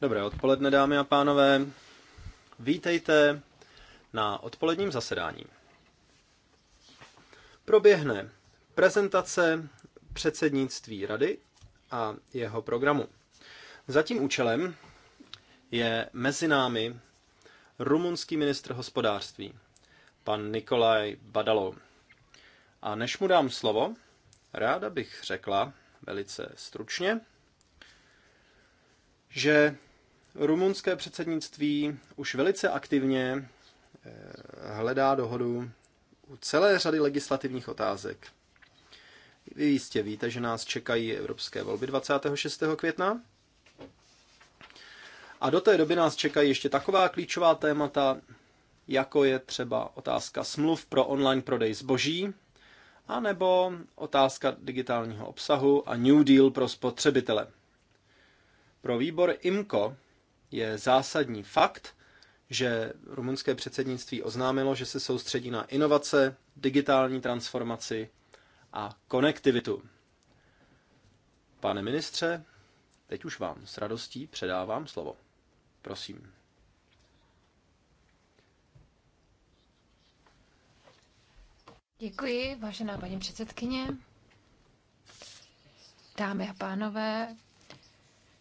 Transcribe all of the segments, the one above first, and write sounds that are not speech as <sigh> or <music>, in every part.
Dobré odpoledne, dámy a pánové. Vítejte na odpoledním zasedání. Proběhne prezentace předsednictví rady a jeho programu. Za tím účelem je mezi námi rumunský ministr hospodářství, pan Nikolaj Badalo. A než mu dám slovo, ráda bych řekla velice stručně, že rumunské předsednictví už velice aktivně eh, hledá dohodu u celé řady legislativních otázek. Vy jistě víte, že nás čekají evropské volby 26. května. A do té doby nás čekají ještě taková klíčová témata, jako je třeba otázka smluv pro online prodej zboží, anebo otázka digitálního obsahu a New Deal pro spotřebitele. Pro výbor IMCO je zásadní fakt, že rumunské předsednictví oznámilo, že se soustředí na inovace, digitální transformaci a konektivitu. Pane ministře, teď už vám s radostí předávám slovo. Prosím. Děkuji, vážená paní předsedkyně. Dámy a pánové,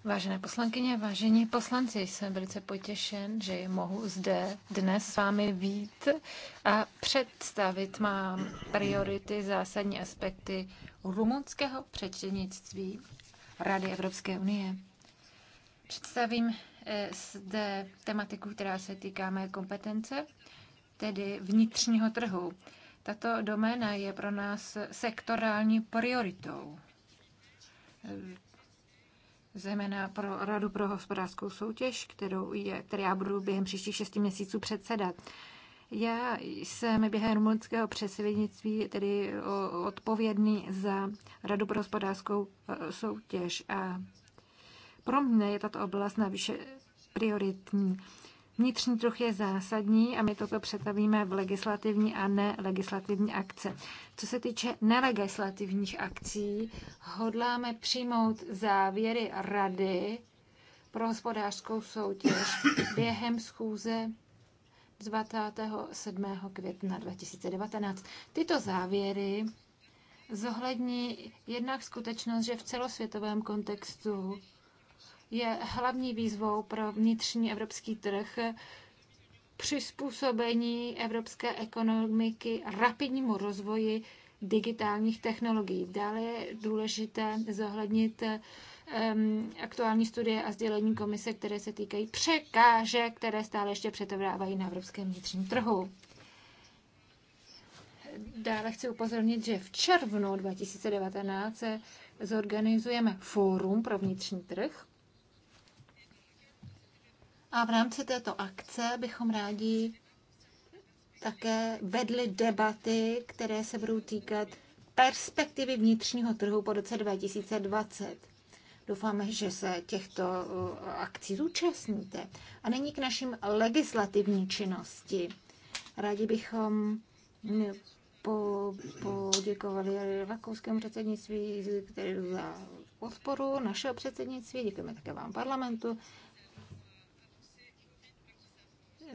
Vážené poslankyně, vážení poslanci, jsem velice potěšen, že mohu zde dnes s vámi být a představit mám priority, zásadní aspekty rumunského předsednictví Rady Evropské unie. Představím eh, zde tematiku, která se týká mé kompetence, tedy vnitřního trhu. Tato doména je pro nás sektorální prioritou zejména pro Radu pro hospodářskou soutěž, kterou je, které já budu během příštích šesti měsíců předsedat. Já jsem během rumunského předsednictví tedy odpovědný za Radu pro hospodářskou e, soutěž a pro mě je tato oblast navíše prioritní. Vnitřní trh je zásadní a my toto přetavíme v legislativní a nelegislativní akce. Co se týče nelegislativních akcí, hodláme přijmout závěry Rady pro hospodářskou soutěž během schůze 27. května 2019. Tyto závěry zohlední jednak skutečnost, že v celosvětovém kontextu je hlavní výzvou pro vnitřní evropský trh přizpůsobení evropské ekonomiky rapidnímu rozvoji digitálních technologií. Dále je důležité zohlednit um, aktuální studie a sdělení komise, které se týkají překážek, které stále ještě přetrvávají na evropském vnitřním trhu. Dále chci upozornit, že v červnu 2019 zorganizujeme fórum pro vnitřní trh, a v rámci této akce bychom rádi také vedli debaty, které se budou týkat perspektivy vnitřního trhu po roce 2020. Doufáme, že se těchto eh, akcí zúčastníte. A nyní k našim legislativní činnosti. Rádi bychom mm, po, poděkovali rakouskému předsednictví který za podporu našeho předsednictví. Děkujeme také vám parlamentu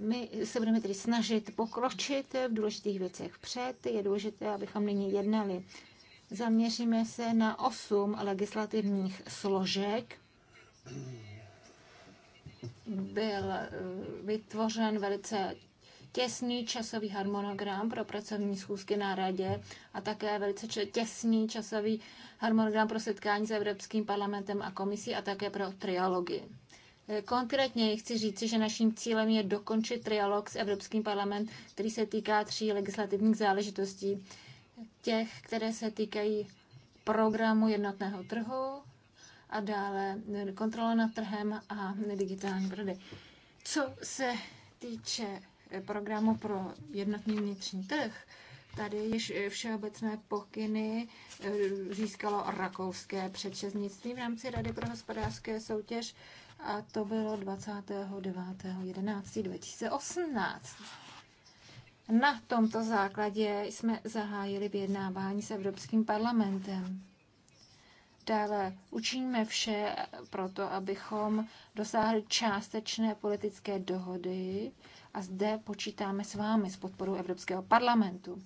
my se budeme tedy snažit pokročit v důležitých věcech před. Je důležité, abychom nyní jednali. Zaměříme se na osm legislativních složek. Byl eh, vytvořen velice těsný časový harmonogram pro pracovní schůzky na radě a také velice těsný časový harmonogram pro setkání s Evropským parlamentem a komisí a také pro trialogy. Konkrétně chci říci, že naším cílem je dokončit trialog s Evropským parlamentem, který se týká tří legislativních záležitostí. Těch, které se týkají programu jednotného trhu a dále kontrola nad trhem a digitální prodej. Co se týče programu pro jednotný vnitřní trh, tady již všeobecné pokyny eh, získalo rakouské předsednictví v rámci Rady pro hospodářské soutěž a to bylo 29.11.2018. Na tomto základě jsme zahájili vyjednávání s Evropským parlamentem. Dále učiníme vše proto, abychom dosáhli částečné politické dohody a zde počítáme s vámi s podporou Evropského parlamentu.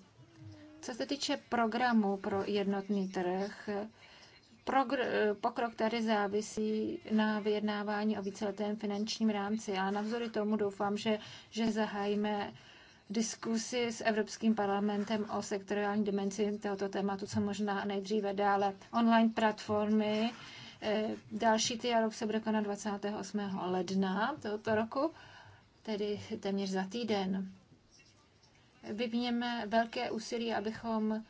Co se týče programu pro jednotný trh, pokrok tady závisí na vyjednávání o víceletém finančním rámci, ale navzory tomu doufám, že, že zahájíme diskusi s Evropským parlamentem o sektoriální dimenzi tohoto tématu, co možná nejdříve dále. Online platformy, eh, další dialog se bude konat 28. ledna tohoto roku, tedy téměř za týden. Vypněme velké úsilí, abychom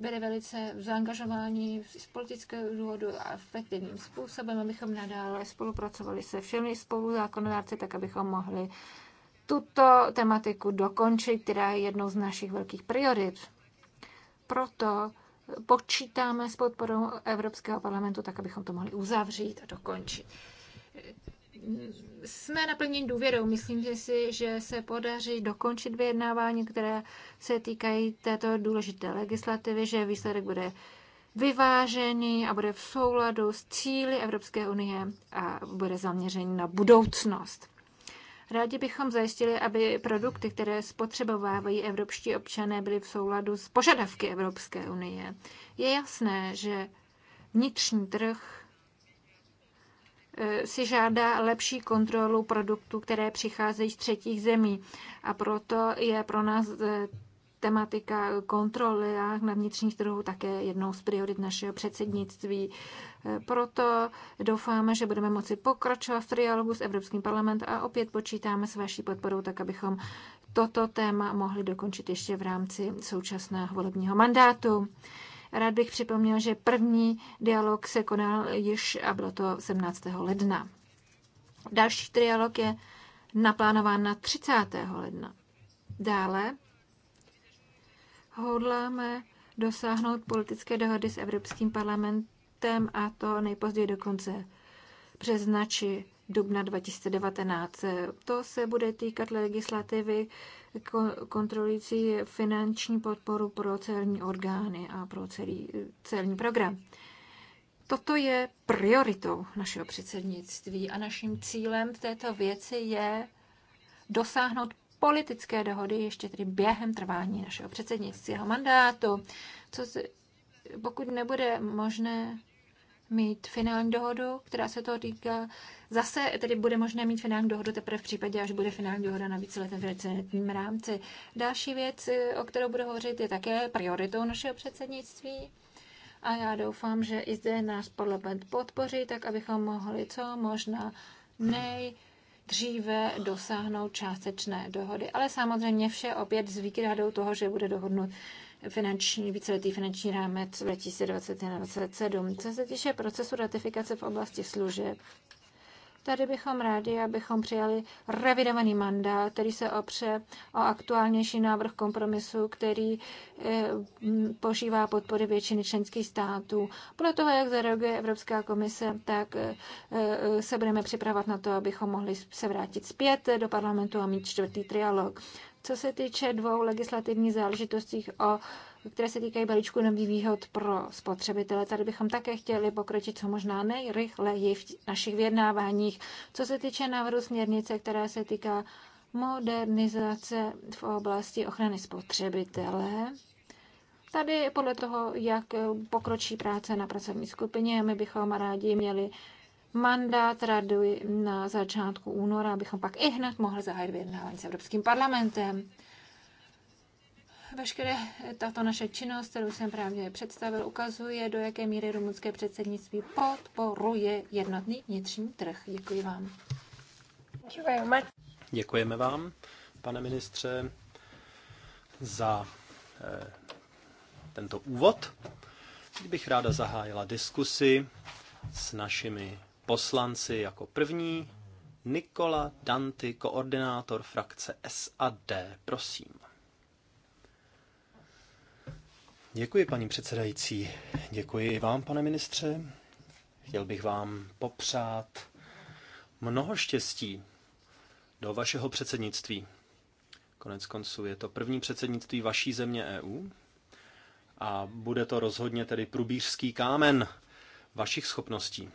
byli eh, velice zaangažováni z politického důvodu a efektivním způsobem, abychom nadále spolupracovali se všemi spoluzákonodárci, tak abychom mohli tuto tematiku dokončit, která je jednou z našich velkých priorit. Proto počítáme s podporou Evropského parlamentu, tak abychom to mohli uzavřít a dokončit jsme naplněni důvěrou. Myslím že si, že se podaří dokončit vyjednávání, které se týkají této důležité legislativy, že výsledek bude vyvážený a bude v souladu s cíly Evropské unie a bude zaměřený na budoucnost. Rádi bychom zajistili, aby produkty, které spotřebovávají evropští občané, byly v souladu s požadavky Evropské unie. Je jasné, že vnitřní trh Eh, si žádá lepší kontrolu produktů, které přicházejí z třetích zemí. A proto je pro nás eh, tematika kontroly na vnitřních trhu také jednou z priorit našeho předsednictví. Eh, proto doufáme, že budeme moci pokračovat v trialogu s Evropským parlamentem a opět počítáme s vaší podporou, tak abychom toto téma mohli dokončit ještě v rámci současného volebního mandátu. Rád bych připomněl, že první dialog se konal již a bylo to 17. ledna. Další trialog je naplánován na 30. ledna. Dále hodláme dosáhnout politické dohody s Evropským parlamentem a to nejpozději do konce března či dubna 2019. To se bude týkat legislativy, kontrolující finanční podporu pro celní orgány a pro celý celní program. Toto je prioritou našeho předsednictví a naším cílem v této věci je dosáhnout politické dohody ještě tedy během trvání našeho a mandátu. Co se, pokud nebude možné mít finální dohodu, která se toho týká, Zase tedy bude možné mít finální dohodu teprve v případě, až bude finální dohoda na víceletém finančním rámci. Další věc, eh, o kterou budu hovořit, je také prioritou našeho předsednictví. A já doufám, že i zde nás parlament podpoří, tak abychom mohli co možná nej dříve dosáhnout částečné dohody. Ale samozřejmě vše opět s výkradou toho, že bude dohodnut finanční, víceletý finanční rámec 2021-2027. Co se týče procesu ratifikace v oblasti služeb, Tady bychom rádi, abychom přijali revidovaný mandát, který se opře o aktuálnější návrh kompromisu, který eh, požívá podpory většiny členských států. Podle toho, jak zareaguje Evropská komise, tak eh, eh, se budeme připravovat na to, abychom mohli se vrátit zpět do parlamentu a mít čtvrtý trialog. Co se týče dvou legislativních záležitostí o které se týkají balíčku nových výhod pro spotřebitele. Tady bychom také chtěli pokročit co možná nejrychleji v našich vyjednáváních. Co se týče návrhu směrnice, která se týká modernizace v oblasti ochrany spotřebitele, Tady podle toho, jak pokročí práce na pracovní skupině, my bychom rádi měli mandát radu na začátku února, abychom pak i hned mohli zahájit vyjednávání s Evropským parlamentem. Veškeré tato naše činnost, kterou jsem právě představil, ukazuje, do jaké míry rumunské předsednictví podporuje jednotný vnitřní trh. Děkuji vám. Děkujeme vám, pane ministře, za eh, tento úvod. Teď bych ráda zahájila diskusi s našimi poslanci jako první. Nikola Danty, koordinátor frakce SAD, prosím. Děkuji, paní předsedající. Děkuji i vám, pane ministře. Chtěl bych vám popřát mnoho štěstí do vašeho předsednictví. Konec konců je to první předsednictví vaší země EU a bude to rozhodně tedy průbířský kámen vašich schopností.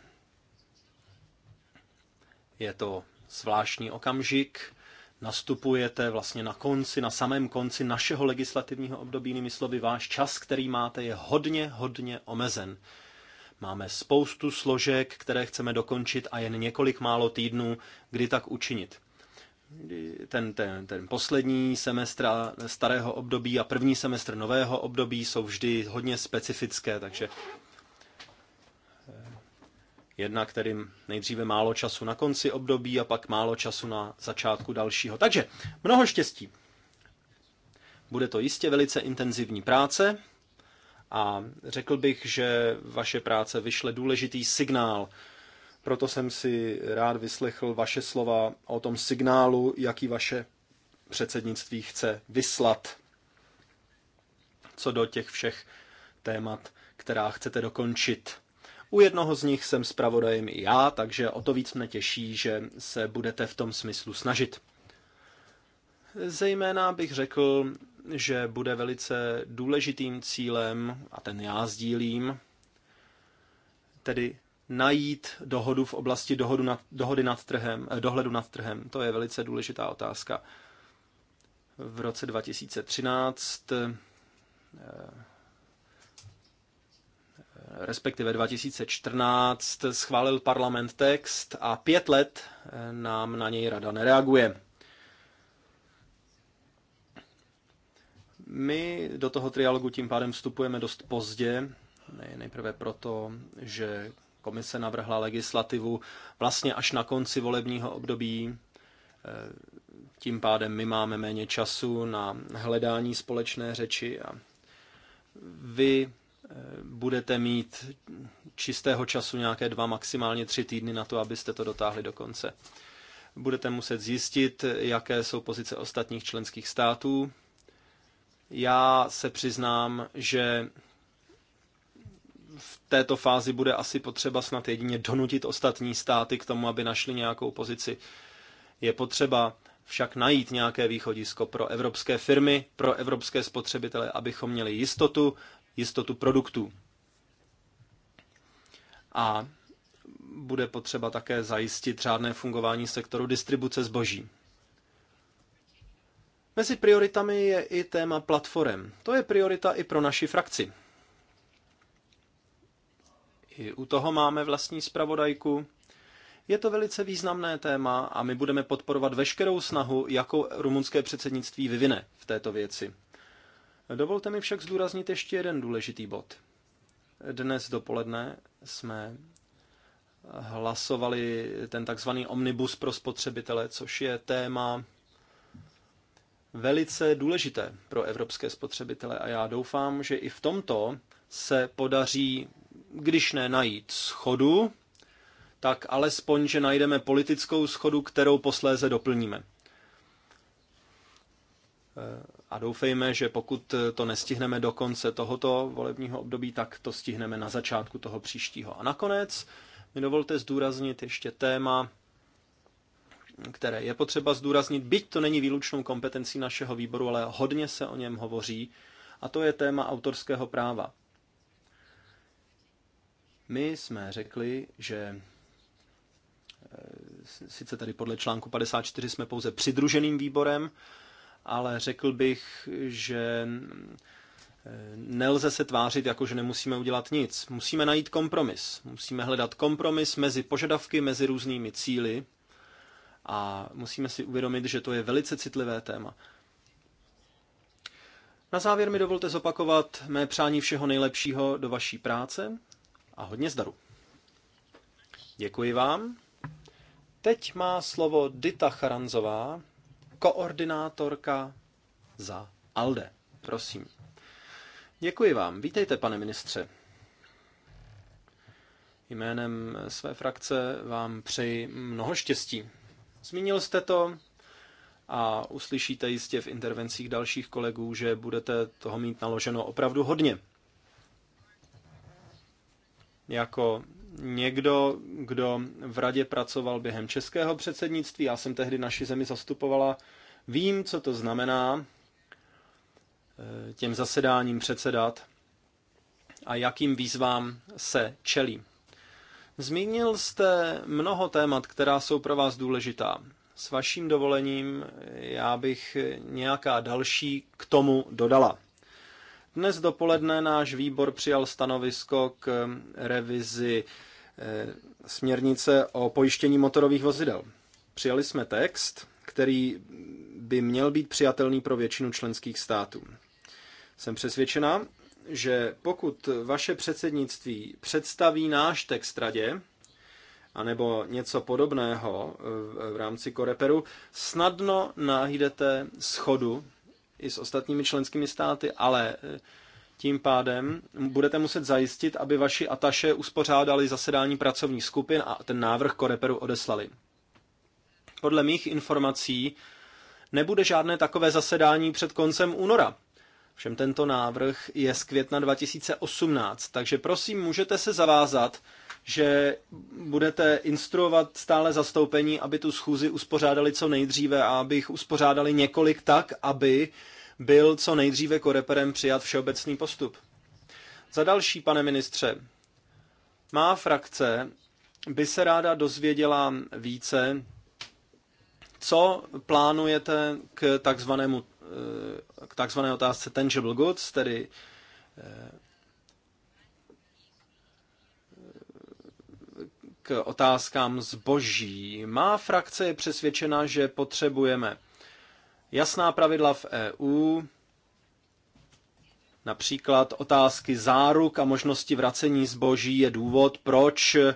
Je to zvláštní okamžik, nastupujete vlastně na konci, na samém konci našeho legislativního období, jinými slovy, váš čas, který máte, je hodně, hodně omezen. Máme spoustu složek, které chceme dokončit a jen několik málo týdnů, kdy tak učinit. Ten, ten, ten poslední semestr starého období a první semestr nového období jsou vždy hodně specifické, takže Jednak tedy nejdříve málo času na konci období a pak málo času na začátku dalšího. Takže mnoho štěstí. Bude to jistě velice intenzivní práce a řekl bych, že vaše práce vyšle důležitý signál. Proto jsem si rád vyslechl vaše slova o tom signálu, jaký vaše předsednictví chce vyslat co do těch všech témat, která chcete dokončit u jednoho z nich jsem zpravodajem i já, takže o to víc mne těší, že se budete v tom smyslu snažit. Zejména bych řekl, že bude velice důležitým cílem, a ten já sdílím, tedy najít dohodu v oblasti dohodu nad, dohody nad trhem, eh, dohledu nad trhem. To je velice důležitá otázka. V roce 2013 respektive 2014, schválil parlament text a pět let eh, nám na něj rada nereaguje. My do toho trialogu tím pádem vstupujeme dost pozdě, nejprve proto, že komise navrhla legislativu vlastně až na konci volebního období, eh, tím pádem my máme méně času na hledání společné řeči a vy budete mít čistého času nějaké dva, maximálně tři týdny na to, abyste to dotáhli do konce. Budete muset zjistit, jaké jsou pozice ostatních členských států. Já se přiznám, že v této fázi bude asi potřeba snad jedině donutit ostatní státy k tomu, aby našli nějakou pozici. Je potřeba však najít nějaké východisko pro evropské firmy, pro evropské spotřebitele, abychom měli jistotu, jistotu produktů. A bude potřeba také zajistit řádné fungování sektoru distribuce zboží. Mezi prioritami je i téma platform. To je priorita i pro naši frakci. I u toho máme vlastní zpravodajku. Je to velice významné téma a my budeme podporovat veškerou snahu, jakou rumunské předsednictví vyvine v této věci. Dovolte mi však zdůraznit ještě jeden důležitý bod. Dnes dopoledne jsme hlasovali ten takzvaný omnibus pro spotřebitele, což je téma velice důležité pro evropské spotřebitele a já doufám, že i v tomto se podaří, když ne najít schodu, tak alespoň, že najdeme politickou schodu, kterou posléze doplníme a doufejme, že pokud to nestihneme do konce tohoto volebního období, tak to stihneme na začátku toho příštího. A nakonec mi dovolte zdůraznit ještě téma, které je potřeba zdůraznit, byť to není výlučnou kompetencí našeho výboru, ale hodně se o něm hovoří, a to je téma autorského práva. My jsme řekli, že eh, sice tady podle článku 54 jsme pouze přidruženým výborem, ale řekl bych, že eh, nelze se tvářit jako, že nemusíme udělat nic. Musíme najít kompromis. Musíme hledat kompromis mezi požadavky, mezi různými cíly a musíme si uvědomit, že to je velice citlivé téma. Na závěr mi dovolte zopakovat mé přání všeho nejlepšího do vaší práce a hodně zdaru. Děkuji vám. Teď má slovo Dita Charanzová, koordinátorka za ALDE. Prosím. Děkuji vám. Vítejte, pane ministře. Jménem své frakce vám přeji mnoho štěstí. Zmínil jste to a uslyšíte jistě v intervencích dalších kolegů, že budete toho mít naloženo opravdu hodně. Jako někdo, kdo v radě pracoval během českého předsednictví, já jsem tehdy naši zemi zastupovala, vím, co to znamená eh, těm zasedáním předsedat a jakým výzvám se čelí. Zmínil jste mnoho témat, která jsou pro vás důležitá. S vaším dovolením já bych nějaká další k tomu dodala. Dnes dopoledne náš výbor přijal stanovisko k revizi eh, směrnice o pojištění motorových vozidel. Přijali jsme text, který by měl být přijatelný pro většinu členských států. Jsem přesvědčena, že pokud vaše předsednictví představí náš text radě, anebo něco podobného v rámci Koreperu, snadno najdete schodu i s ostatními členskými státy, ale e, tím pádem budete muset zajistit, aby vaši ataše uspořádali zasedání pracovních skupin a ten návrh koreperu odeslali. Podle mých informací nebude žádné takové zasedání před koncem února. Všem tento návrh je z května 2018, takže prosím, můžete se zavázat, že budete instruovat stále zastoupení, aby tu schůzi uspořádali co nejdříve a aby jich uspořádali několik tak, aby byl co nejdříve koreperem přijat všeobecný postup. Za další, pane ministře, má frakce by se ráda dozvěděla více, co plánujete k takzvanému eh, k takzvané otázce tangible goods, tedy eh, otázkám zboží. Má frakce je přesvědčena, že potřebujeme jasná pravidla v EU, například otázky záruk a možnosti vracení zboží je důvod, proč eh,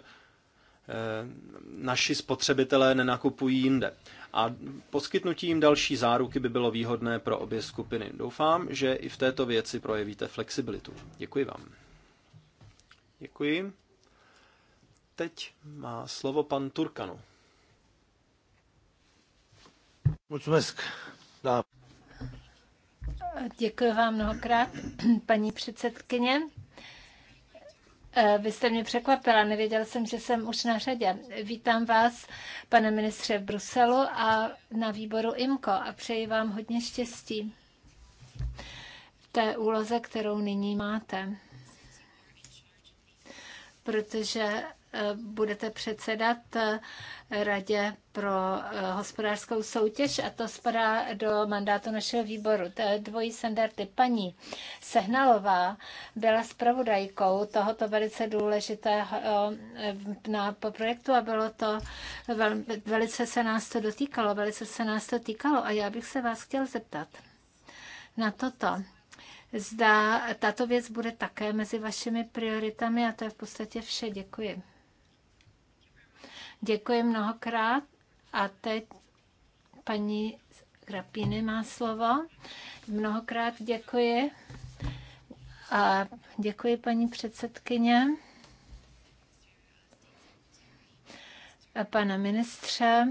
naši spotřebitelé nenakupují jinde. A poskytnutím další záruky by bylo výhodné pro obě skupiny. Doufám, že i v této věci projevíte flexibilitu. Děkuji vám. Děkuji teď má slovo pan Turkanu. Mulțumesc. Da. Děkuji vám mnohokrát, <clears throat> paní předsedkyně. Eh, vy jste mě překvapila, nevěděl jsem, že jsem už na řadě. Vítám vás, pane ministře, v Bruselu a na výboru IMKO a přeji vám hodně štěstí v té úloze, kterou nyní máte. Protože budete předsedat eh, Radě pro eh, hospodářskou soutěž a to spadá do mandátu našeho výboru. To je dvojí standardy. Paní Sehnalová byla spravodajkou tohoto velice důležitého eh, na, po projektu a bylo to, vel, velice se nás to dotýkalo, velice se nás to týkalo a já bych se vás chtěl zeptat na toto zda tato věc bude také mezi vašimi prioritami a to je v podstatě vše. Děkuji. Děkuji mnohokrát a teď paní Grapíny má slovo. Mnohokrát děkuji a děkuji paní předsedkyně. A pana ministře,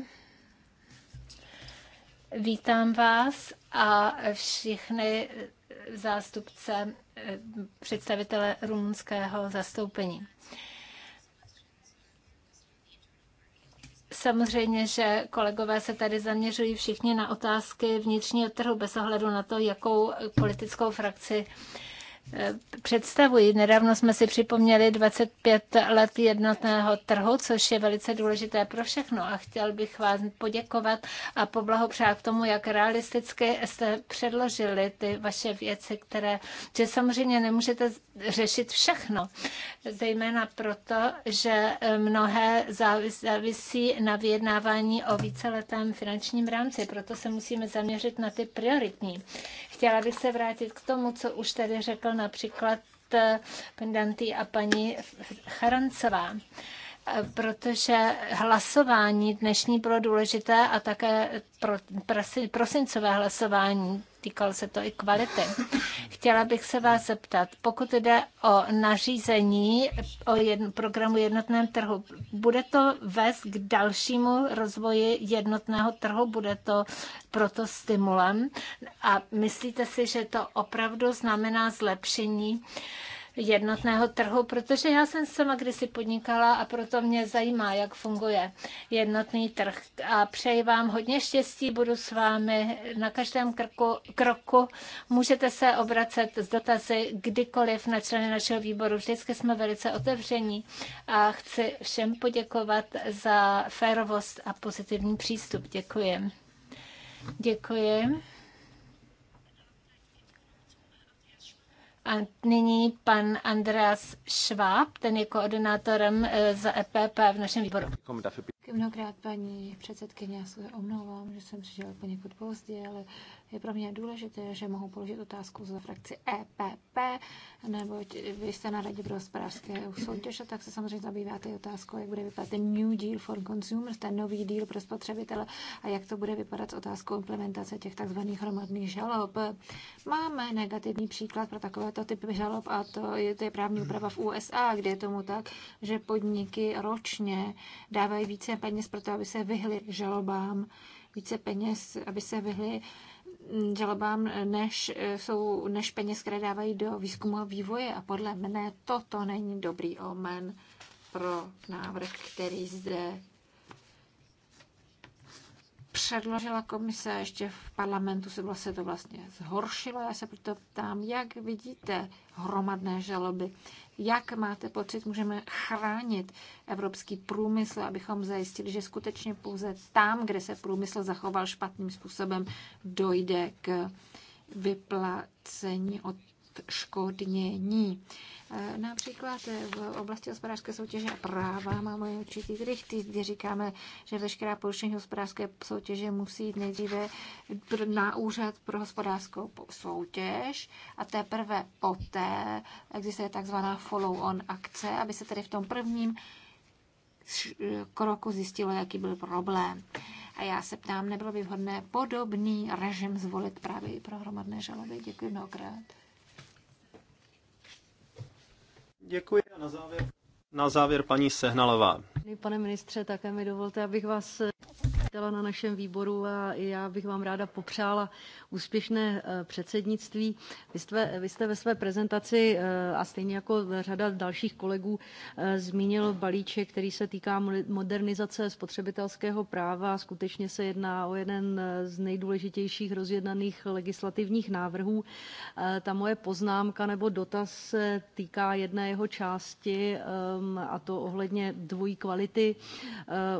vítám vás a všichni zástupce eh, představitele rumunského zastoupení. Samozřejmě, že kolegové se tady zaměřují všichni na otázky vnitřního trhu bez ohledu na to, jakou politickou frakci představují. Nedávno jsme si připomněli 25 let jednotného trhu, což je velice důležité pro všechno a chtěl bych vás poděkovat a poblahopřát k tomu, jak realisticky jste předložili ty vaše věci, které, že samozřejmě nemůžete řešit všechno, zejména proto, že eh, mnohé závisí na vyjednávání o víceletém finančním rámci, proto se musíme zaměřit na ty prioritní. Chtěla bych se vrátit k tomu, co už tady řekl například eh, Pendantý a paní Charancová protože hlasování dnešní bylo důležité a také prosincové hlasování týkalo se to i kvality. Chtěla bych se vás zeptat, pokud jde o nařízení o jedn, programu jednotném trhu, bude to vést k dalšímu rozvoji jednotného trhu, bude to proto stimulem a myslíte si, že to opravdu znamená zlepšení uh, jednotného trhu, protože já jsem sama kdysi podnikala a proto mě zajímá, jak funguje jednotný trh. A přeji vám hodně štěstí, budu s vámi na každém krku, kroku. Můžete se obracet s dotazy kdykoliv na členy našeho výboru. Vždycky jsme velice otevření a chci všem poděkovat za férovost a pozitivní přístup. Děkuji. Děkuji. A nyní pan Andreas Schwab, ten je koordinátorem eh, za EPP v našem výboru. Mnohokrát paní předsedkyně, já se omlouvám, že jsem přišel poněkud pozdě, ale je pro mě důležité, že mohu položit otázku za frakci EPP, nebo vy jste na radě pro hospodářské soutěže, tak se samozřejmě zabýváte otázkou, jak bude vypadat ten New Deal for Consumers, ten nový deal pro spotřebitele a jak to bude vypadat s otázkou implementace těch tzv. hromadných žalob. Máme negativní příklad pro takovéto typy žalob a to je, to je právní úprava v USA, kde je tomu tak, že podniky ročně dávají více peněz pro to, aby se vyhly žalobám, více peněz, aby se vyhly žalobám, než, eh, jsou, než peněz, které dávají do výzkumu a vývoje. A podle mne toto není dobrý omen pro návrh, který zde předložila komise ještě v parlamentu se vlastně to vlastně zhoršilo. Já se proto ptám, jak vidíte hromadné žaloby, jak máte pocit, můžeme chránit evropský průmysl, abychom zajistili, že skutečně pouze tam, kde se průmysl zachoval špatným způsobem, dojde k vyplacení od odškodnění. E, například e, v oblasti hospodářské soutěže a práva máme určitý trichty, kdy říkáme, že veškerá porušení hospodářské soutěže musí jít nejdříve na úřad pro hospodářskou soutěž a teprve poté existuje takzvaná follow-on akce, aby se tedy v tom prvním kroku zjistilo, jaký byl problém. A já se ptám, nebylo by vhodné podobný režim zvolit právě i pro hromadné žaloby? Děkuji mnohokrát. Děkuji a na závěr, na závěr paní Sehnalová. Pane ministře, také mi dovolte, abych vás vítala na našem výboru a já bych vám ráda popřála úspěšné eh, předsednictví. Vy jste, vy jste ve své prezentaci eh, a stejně jako řada dalších kolegů eh, zmínil balíček, který se týká modernizace spotřebitelského práva. Skutečně se jedná o jeden z nejdůležitějších rozjednaných legislativních návrhů. Ta moje poznámka nebo dotaz se týká jedné jeho části, ehm, a to ohledně dvojí kvality.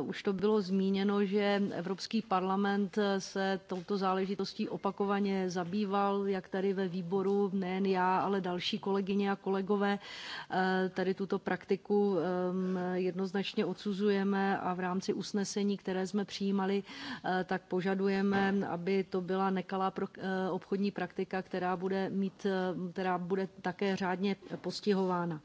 Už to bylo zmíněno, že Evropský parlament eh, se touto záležitostí opakovaně zabýval, jak tady ve výboru, nejen já, ale další kolegyně a kolegové, eh, tady tuto praktiku ehm, jednoznačně odsuzujeme a v rámci usnesení, které jsme přijímali, eh, tak požadujeme, aby to byla nekalá obchodní praktika, která bude mít, která bude také řádně postihována.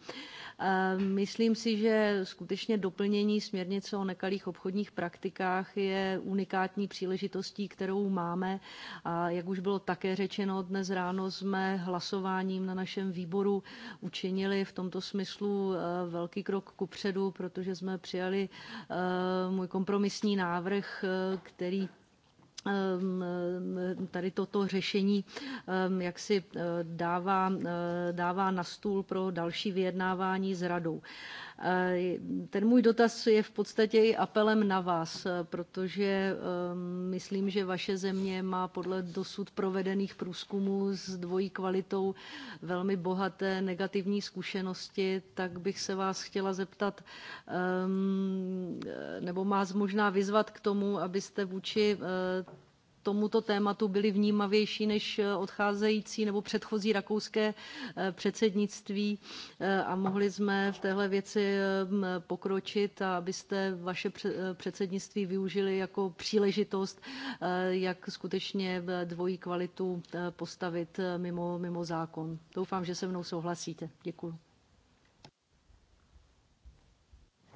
Myslím si, že skutečně doplnění směrnice o nekalých obchodních praktikách je unikátní příležitostí, kterou máme. A jak už bylo také řečeno, dnes ráno jsme hlasováním na našem výboru učinili v tomto smyslu e, velký krok kupředu, protože jsme přijali e, můj kompromisní návrh, e, který Ehm, tady toto řešení ehm, jak si eh, dává, eh, dává na stůl pro další vyjednávání s radou. Eh, ten můj dotaz je v podstatě i apelem na vás, eh, protože eh, myslím, že vaše země má podle dosud provedených průzkumů s dvojí kvalitou velmi bohaté negativní zkušenosti, tak bych se vás chtěla zeptat, nebo vás možná vyzvat k tomu, abyste vůči tomuto tématu byli vnímavější než eh, odcházející nebo předchozí rakouské eh, předsednictví eh, a mohli jsme v téhle věci pokročit a abyste vaše předsednictví využili jako příležitost, jak skutečně dvojí kvalitu postavit mimo, mimo zákon. Doufám, že se mnou souhlasíte. Děkuji.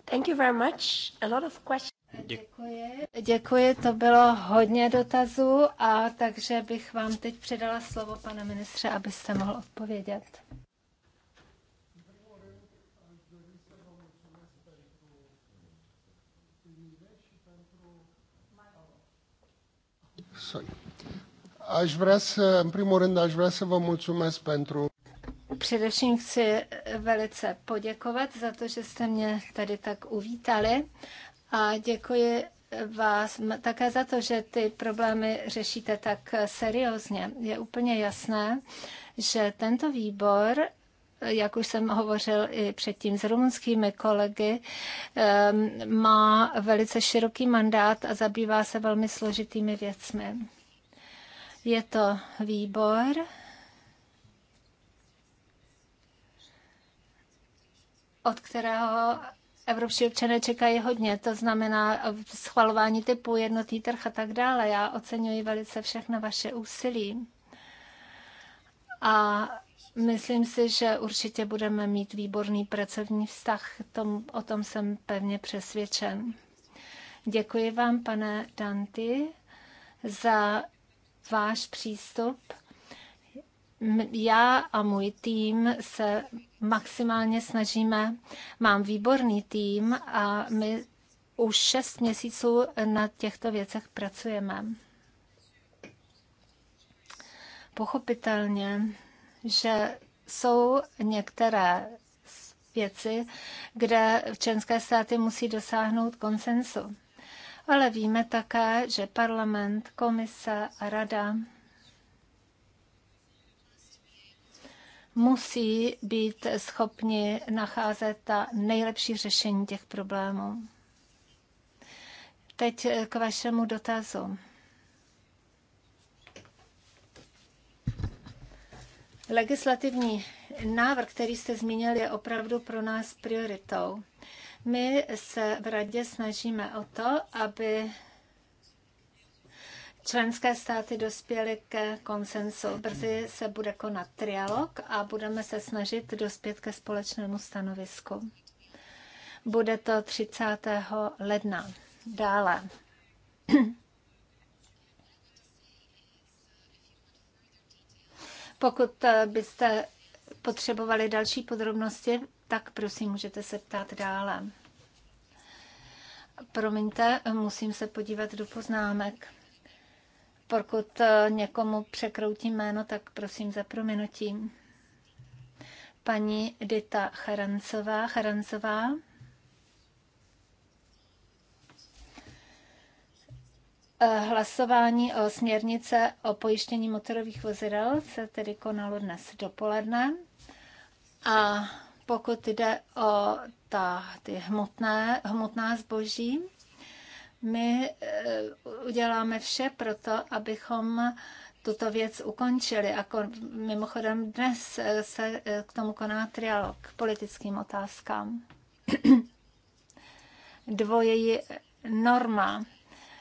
Thank you very much. A lot of questions. Děkuji. Děkuji, to bylo hodně dotazů a takže bych vám teď předala slovo, pane ministře, abyste mohl odpovědět. Sorry. Aș vrea să, în primul rând, aș vrea să vă mulțumesc pentru Především chci velice poděkovat za to, že jste mě tady tak uvítali a děkuji vás také za to, že ty problémy řešíte tak seriózně. Je úplně jasné, že tento výbor jak už jsem hovořil i předtím s rumunskými kolegy, má velice široký mandát a zabývá se velmi složitými věcmi. Je to výbor, od kterého evropští občané čekají hodně, to znamená eh, schvalování typu, jednotný trh a tak dále. Já oceňuji velice všechno vaše úsilí. A myslím si, že určitě budeme mít výborný pracovní vztah. Tom, o tom jsem pevně přesvědčen. Děkuji vám, pane Danty, za váš přístup já a můj tým se maximálně snažíme. Mám výborný tým a my už šest měsíců na těchto věcech pracujeme. Pochopitelně, že jsou některé věci, kde členské státy musí dosáhnout konsensu. Ale víme také, že parlament, komise a rada musí být schopni nacházet ta nejlepší řešení těch problémů. Teď eh, k vašemu dotazu. Legislativní návrh, který jste zmínil, je opravdu pro nás prioritou. My se v radě snažíme o to, aby Členské státy dospěly ke konsensu. Brzy se bude konat trialog a budeme se snažit dospět ke společnému stanovisku. Bude to 30. ledna. Dále. <clears throat> Pokud eh, byste potřebovali další podrobnosti, tak prosím, můžete se ptát dále. Promiňte, musím se podívat do poznámek. Pokud eh, někomu překroutím jméno, tak prosím za prominutí. Paní Dita Charancová. Charancová. Eh, hlasování o směrnice o pojištění motorových vozidel se tedy konalo dnes dopoledne. A pokud jde o ta, ty hmotné, hmotná zboží, my eh, uděláme vše pro to, abychom tuto věc ukončili. A mimochodem dnes eh, se eh, k tomu koná trialog k politickým otázkám. <clears throat> Dvojí norma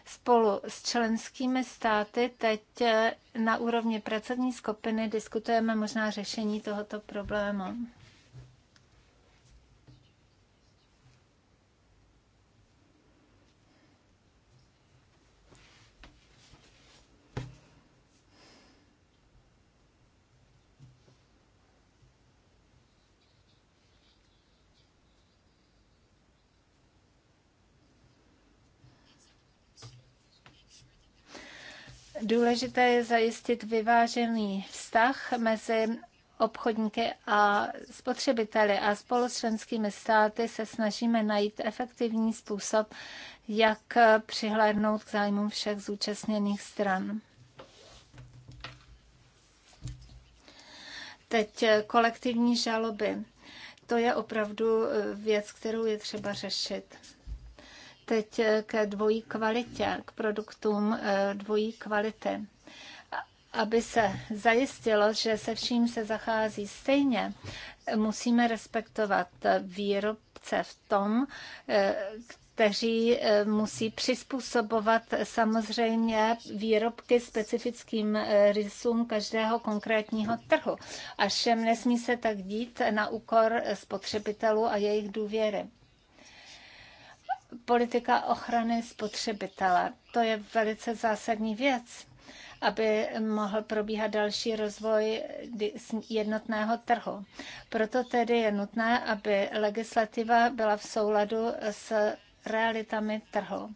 spolu s členskými státy teď na úrovni pracovní skupiny diskutujeme možná řešení tohoto problému. Důležité je zajistit vyvážený vztah mezi obchodníky a spotřebiteli a spolu s členskými státy se snažíme najít efektivní způsob, jak přihlédnout k zájmům všech zúčastněných stran. Teď eh, kolektivní žaloby. To je opravdu eh, věc, kterou je třeba řešit teď eh, ke dvojí kvalitě, k produktům eh, dvojí kvality. Aby se zajistilo, že se vším se zachází stejně, musíme respektovat výrobce v tom, eh, kteří musí přizpůsobovat samozřejmě výrobky specifickým rysům každého konkrétního trhu. A všem nesmí se tak dít na úkor spotřebitelů a jejich důvěry politika ochrany spotřebitele. To je velice zásadní věc, aby mohl probíhat další rozvoj jednotného trhu. Proto tedy je nutné, aby legislativa byla v souladu s realitami trhu,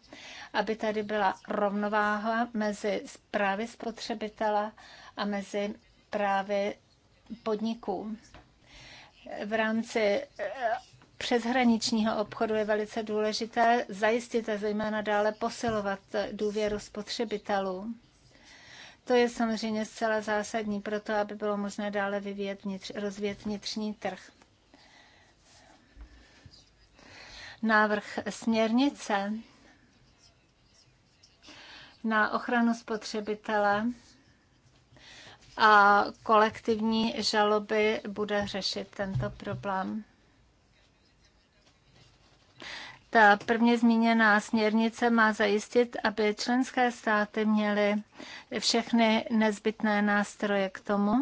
aby tady byla rovnováha mezi právy spotřebitele a mezi právy podniků v rámci přeshraničního obchodu je velice důležité zajistit a zejména dále posilovat důvěru spotřebitelů. To je samozřejmě zcela zásadní pro to, aby bylo možné dále vyvíjet vnitř, rozvíjet vnitřní trh. Návrh směrnice na ochranu spotřebitele a kolektivní žaloby bude řešit tento problém. Ta prvně zmíněná směrnice má zajistit, aby členské státy měly všechny nezbytné nástroje k tomu,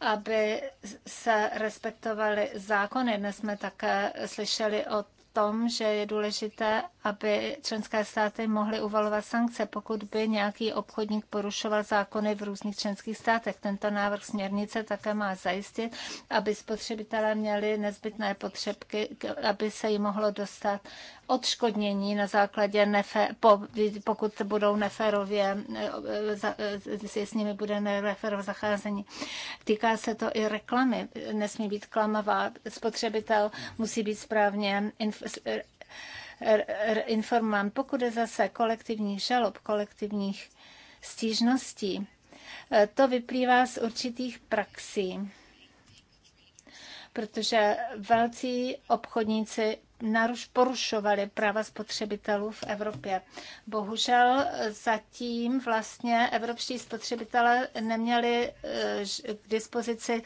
aby se respektovaly zákony. Dnes jsme také slyšeli o tom, že je důležité, aby členské státy mohly uvalovat sankce, pokud by nějaký obchodník porušoval zákony v různých členských státech. Tento návrh směrnice také má zajistit, aby spotřebitelé měli nezbytné potřebky, aby se jim mohlo dostat odškodnění na základě nefé, po, pokud budou neférově, e, e, e, s nimi bude neférové zacházení. Týká se to i reklamy. Nesmí být klamavá. Spotřebitel musí být správně informován. Pokud je zase kolektivních žalob, kolektivních stížností, e, to vyplývá z určitých praxí protože velcí obchodníci naruš, porušovali práva spotřebitelů v Evropě. Bohužel zatím vlastně evropští spotřebitelé neměli e, k dispozici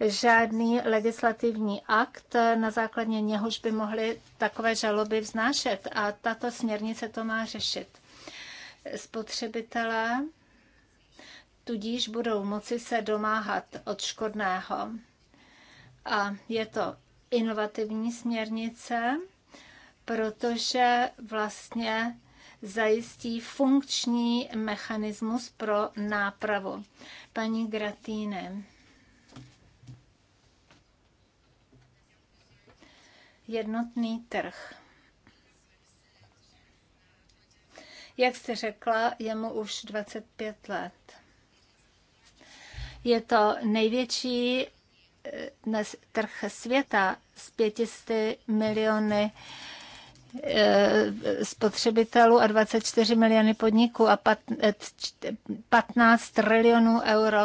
žádný legislativní akt, na základě něhož by mohli takové žaloby vznášet a tato směrnice to má řešit. Spotřebitelé tudíž budou moci se domáhat od škodného. A je to inovativní směrnice, protože vlastně zajistí funkční mechanismus pro nápravu. Paní Gratýne. Jednotný trh. Jak jste řekla, je mu už 25 let. Je to největší dnes trh světa s 500 miliony e, spotřebitelů a 24 miliony podniků a 15 e, trilionů euro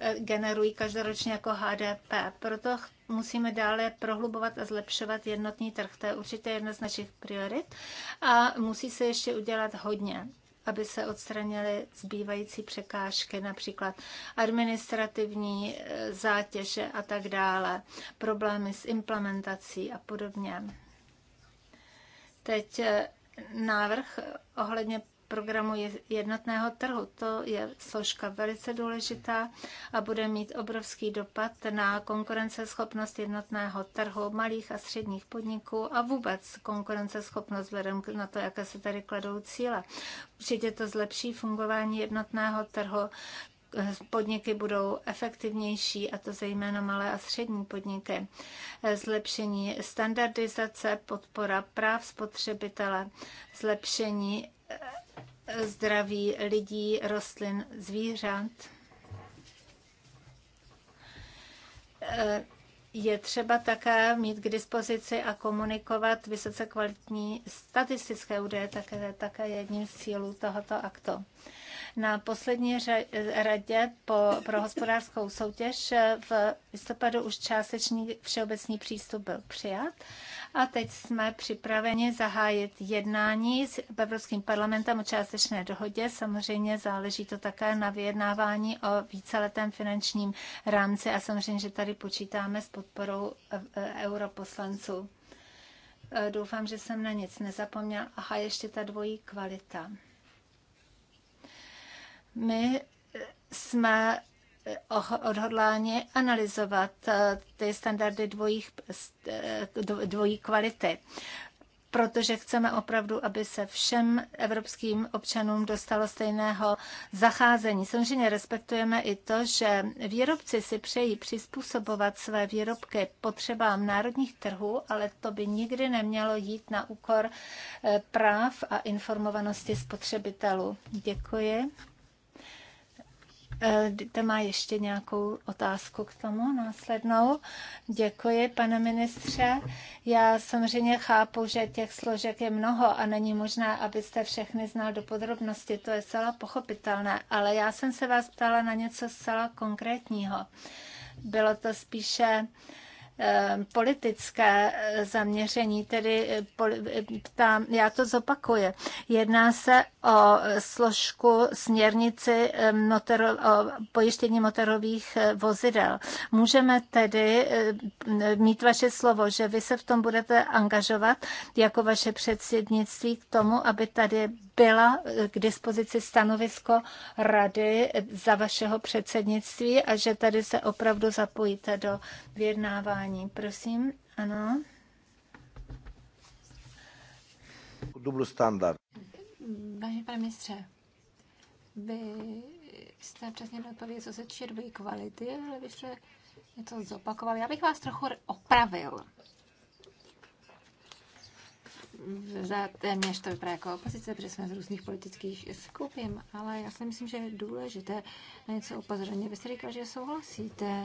e, generují každoročně jako HDP. Proto musíme dále prohlubovat a zlepšovat jednotný trh. To je určitě jedna z našich priorit a musí se ještě udělat hodně aby se odstranily zbývající překážky, například administrativní eh, zátěže a tak dále, problémy s implementací a podobně. Teď eh, návrh ohledně programu jednotného trhu. To je složka velice důležitá a bude mít obrovský dopad na konkurenceschopnost jednotného trhu malých a středních podniků a vůbec konkurenceschopnost vzhledem na to, jaké se tady kladou cíle. Určitě to zlepší fungování jednotného trhu, podniky budou efektivnější, a to zejména malé a střední podniky. Zlepšení standardizace, podpora práv spotřebitele, zlepšení zdraví lidí, rostlin, zvířat. Eh, je třeba také mít k dispozici a komunikovat vysoce kvalitní statistické údaje, také, také jedním z cílů tohoto aktu. Na poslední radě po, pro hospodářskou soutěž v listopadu už částečný všeobecný přístup byl přijat a teď jsme připraveni zahájit jednání s Evropským parlamentem o částečné dohodě. Samozřejmě záleží to také na vyjednávání o víceletém finančním rámci a samozřejmě, že tady počítáme s podporou e, e, europoslanců. E, doufám, že jsem na nic nezapomněl. Aha, ještě ta dvojí kvalita. My jsme Eh, odhodláně analyzovat eh, ty standardy dvojích, eh, dvojí kvality protože chceme opravdu, aby se všem evropským občanům dostalo stejného zacházení. Samozřejmě respektujeme i to, že výrobci si přejí přizpůsobovat své výrobky potřebám národních trhů, ale to by nikdy nemělo jít na úkor práv a informovanosti spotřebitelů. Děkuji. Eh, Dita má ještě nějakou otázku k tomu následnou. Děkuji, pane ministře. Já samozřejmě chápu, že těch složek je mnoho a není možné, abyste všechny znal do podrobnosti, to je zcela pochopitelné, ale já jsem se vás ptala na něco zcela konkrétního. Bylo to spíše uh, Eh, politické eh, zaměření, tedy eh, tam, já to zopakuji. Jedná se o složku směrnici motor, o pojištění motorových vozidel. Můžeme tedy mít vaše slovo, že vy se v tom budete angažovat jako vaše předsednictví k tomu, aby tady byla eh, k dispozici stanovisko rady eh, za vašeho předsednictví a že tady se opravdu zapojíte do vyjednávání. Prosím, ano. Dublu standard. Vážený pane ministře, vy jste přesně neodpověděli, co se týče kvality, ale vy jste něco zopakoval. Já bych vás trochu opravil za téměř to vypadá jako opozice, protože jsme z různých politických skupin, ale já si myslím, že je důležité na něco upozornit. Vy jste říkal, že souhlasíte.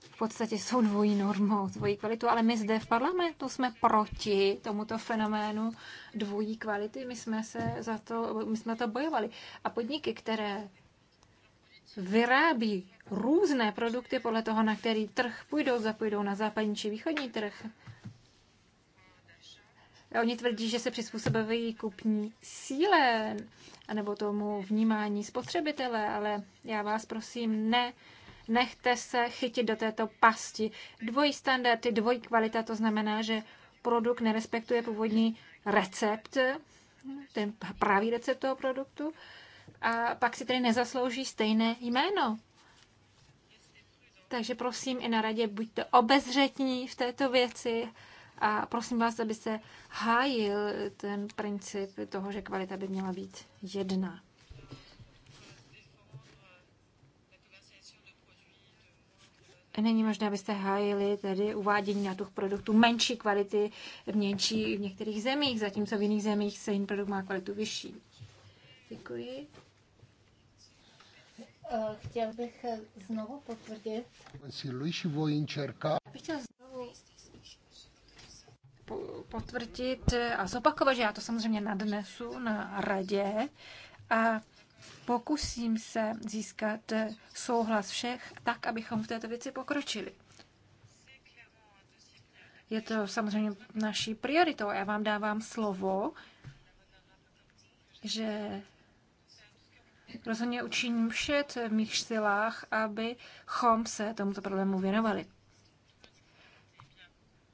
V podstatě jsou dvojí normou, dvojí kvalitu, ale my zde v parlamentu jsme proti tomuto fenoménu dvojí kvality. My jsme se za to, my jsme to bojovali. A podniky, které vyrábí různé produkty podle toho, na který trh půjdou, zapůjdou na západní či východní trh, Oni tvrdí, že se přizpůsobují kupní síle anebo tomu vnímání spotřebitele, ale já vás prosím, ne, nechte se chytit do této pasti. Dvojí standardy, dvojí kvalita, to znamená, že produkt nerespektuje původní recept, ten pravý recept toho produktu, a pak si tedy nezaslouží stejné jméno. Takže prosím i na radě buďte obezřetní v této věci, a prosím vás, aby se hájil ten princip toho, že kvalita by měla být jedna. Není možné, abyste hájili tedy uvádění na tuch produktů menší kvality v, něčí, v některých zemích, zatímco v jiných zemích se jim produkt má kvalitu vyšší. Děkuji. Eh, chtěl bych eh, znovu potvrdit. Chtěl znovu potvrdit a zopakovat, že já to samozřejmě nadnesu na radě a pokusím se získat souhlas všech tak, abychom v této věci pokročili. Je to samozřejmě naší prioritou. Já vám dávám slovo, že rozhodně učiním vše, co je v mých silách, abychom se tomuto problému věnovali.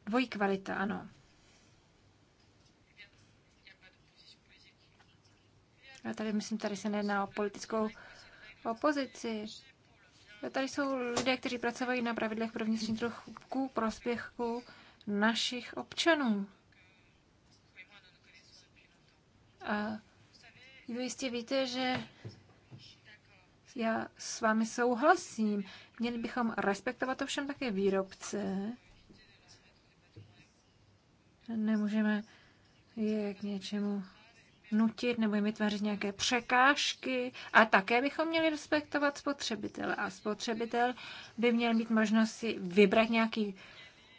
Dvojí kvalita, ano. Já tady myslím, tady se nejedná o politickou opozici. Tady jsou lidé, kteří pracovají na pravidlech pro vnitřní trh ku prospěchu našich občanů. A vy jistě víte, že já s vámi souhlasím. Měli bychom respektovat všem také výrobce. Nemůžeme je k něčemu nutit nebo jim vytvářet nějaké překážky. A také bychom měli respektovat spotřebitele. A spotřebitel by měl mít možnost si vybrat nějaký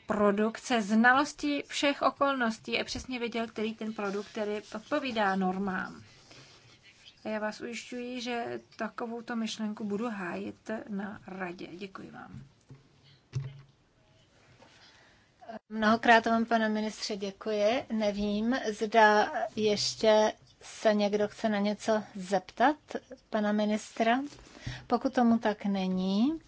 produkt se znalostí všech okolností a přesně věděl, který ten produkt, který odpovídá normám. A já vás ujišťuji, že takovouto myšlenku budu hájit na radě. Děkuji vám. Mnohokrát vám, pane ministře, děkuji. Nevím, zda ještě se někdo chce na něco zeptat pana ministra? Pokud tomu tak není,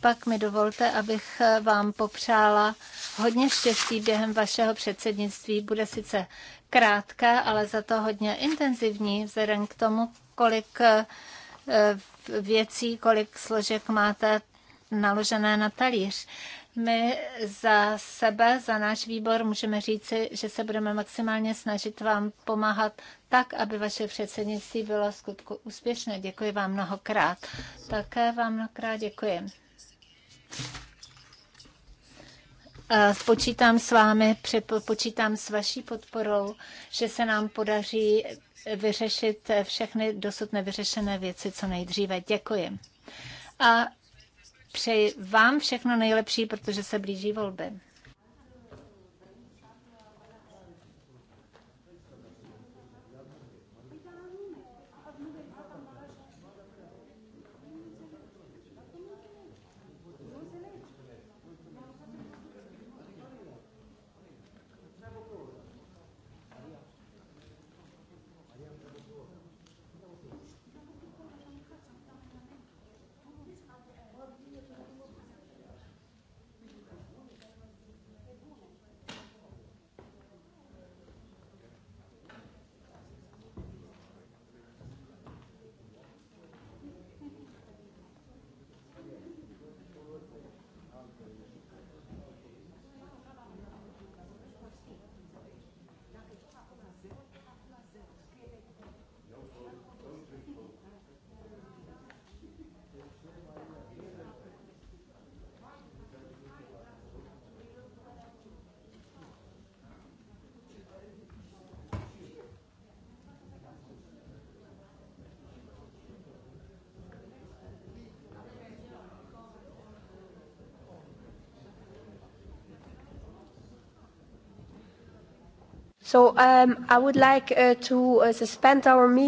pak mi dovolte, abych vám popřála hodně štěstí během vašeho předsednictví. Bude sice krátké, ale za to hodně intenzivní, vzhledem k tomu, kolik eh, věcí, kolik složek máte naložené na talíř. My za sebe, za náš výbor můžeme říci, že se budeme maximálně snažit vám pomáhat tak, aby vaše předsednictví bylo skutku úspěšné. Děkuji vám mnohokrát. Také vám mnohokrát děkuji. Počítám s vámi, počítám s vaší podporou, že se nám podaří vyřešit všechny dosud nevyřešené věci co nejdříve. Děkuji. A Přeji vám všechno nejlepší, protože se blíží volby.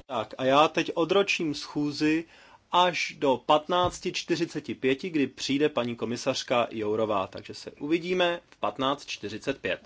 Tak a já teď odročím schůzi až do 15.45, kdy přijde paní komisařka Jourová. Takže se uvidíme v 15.45.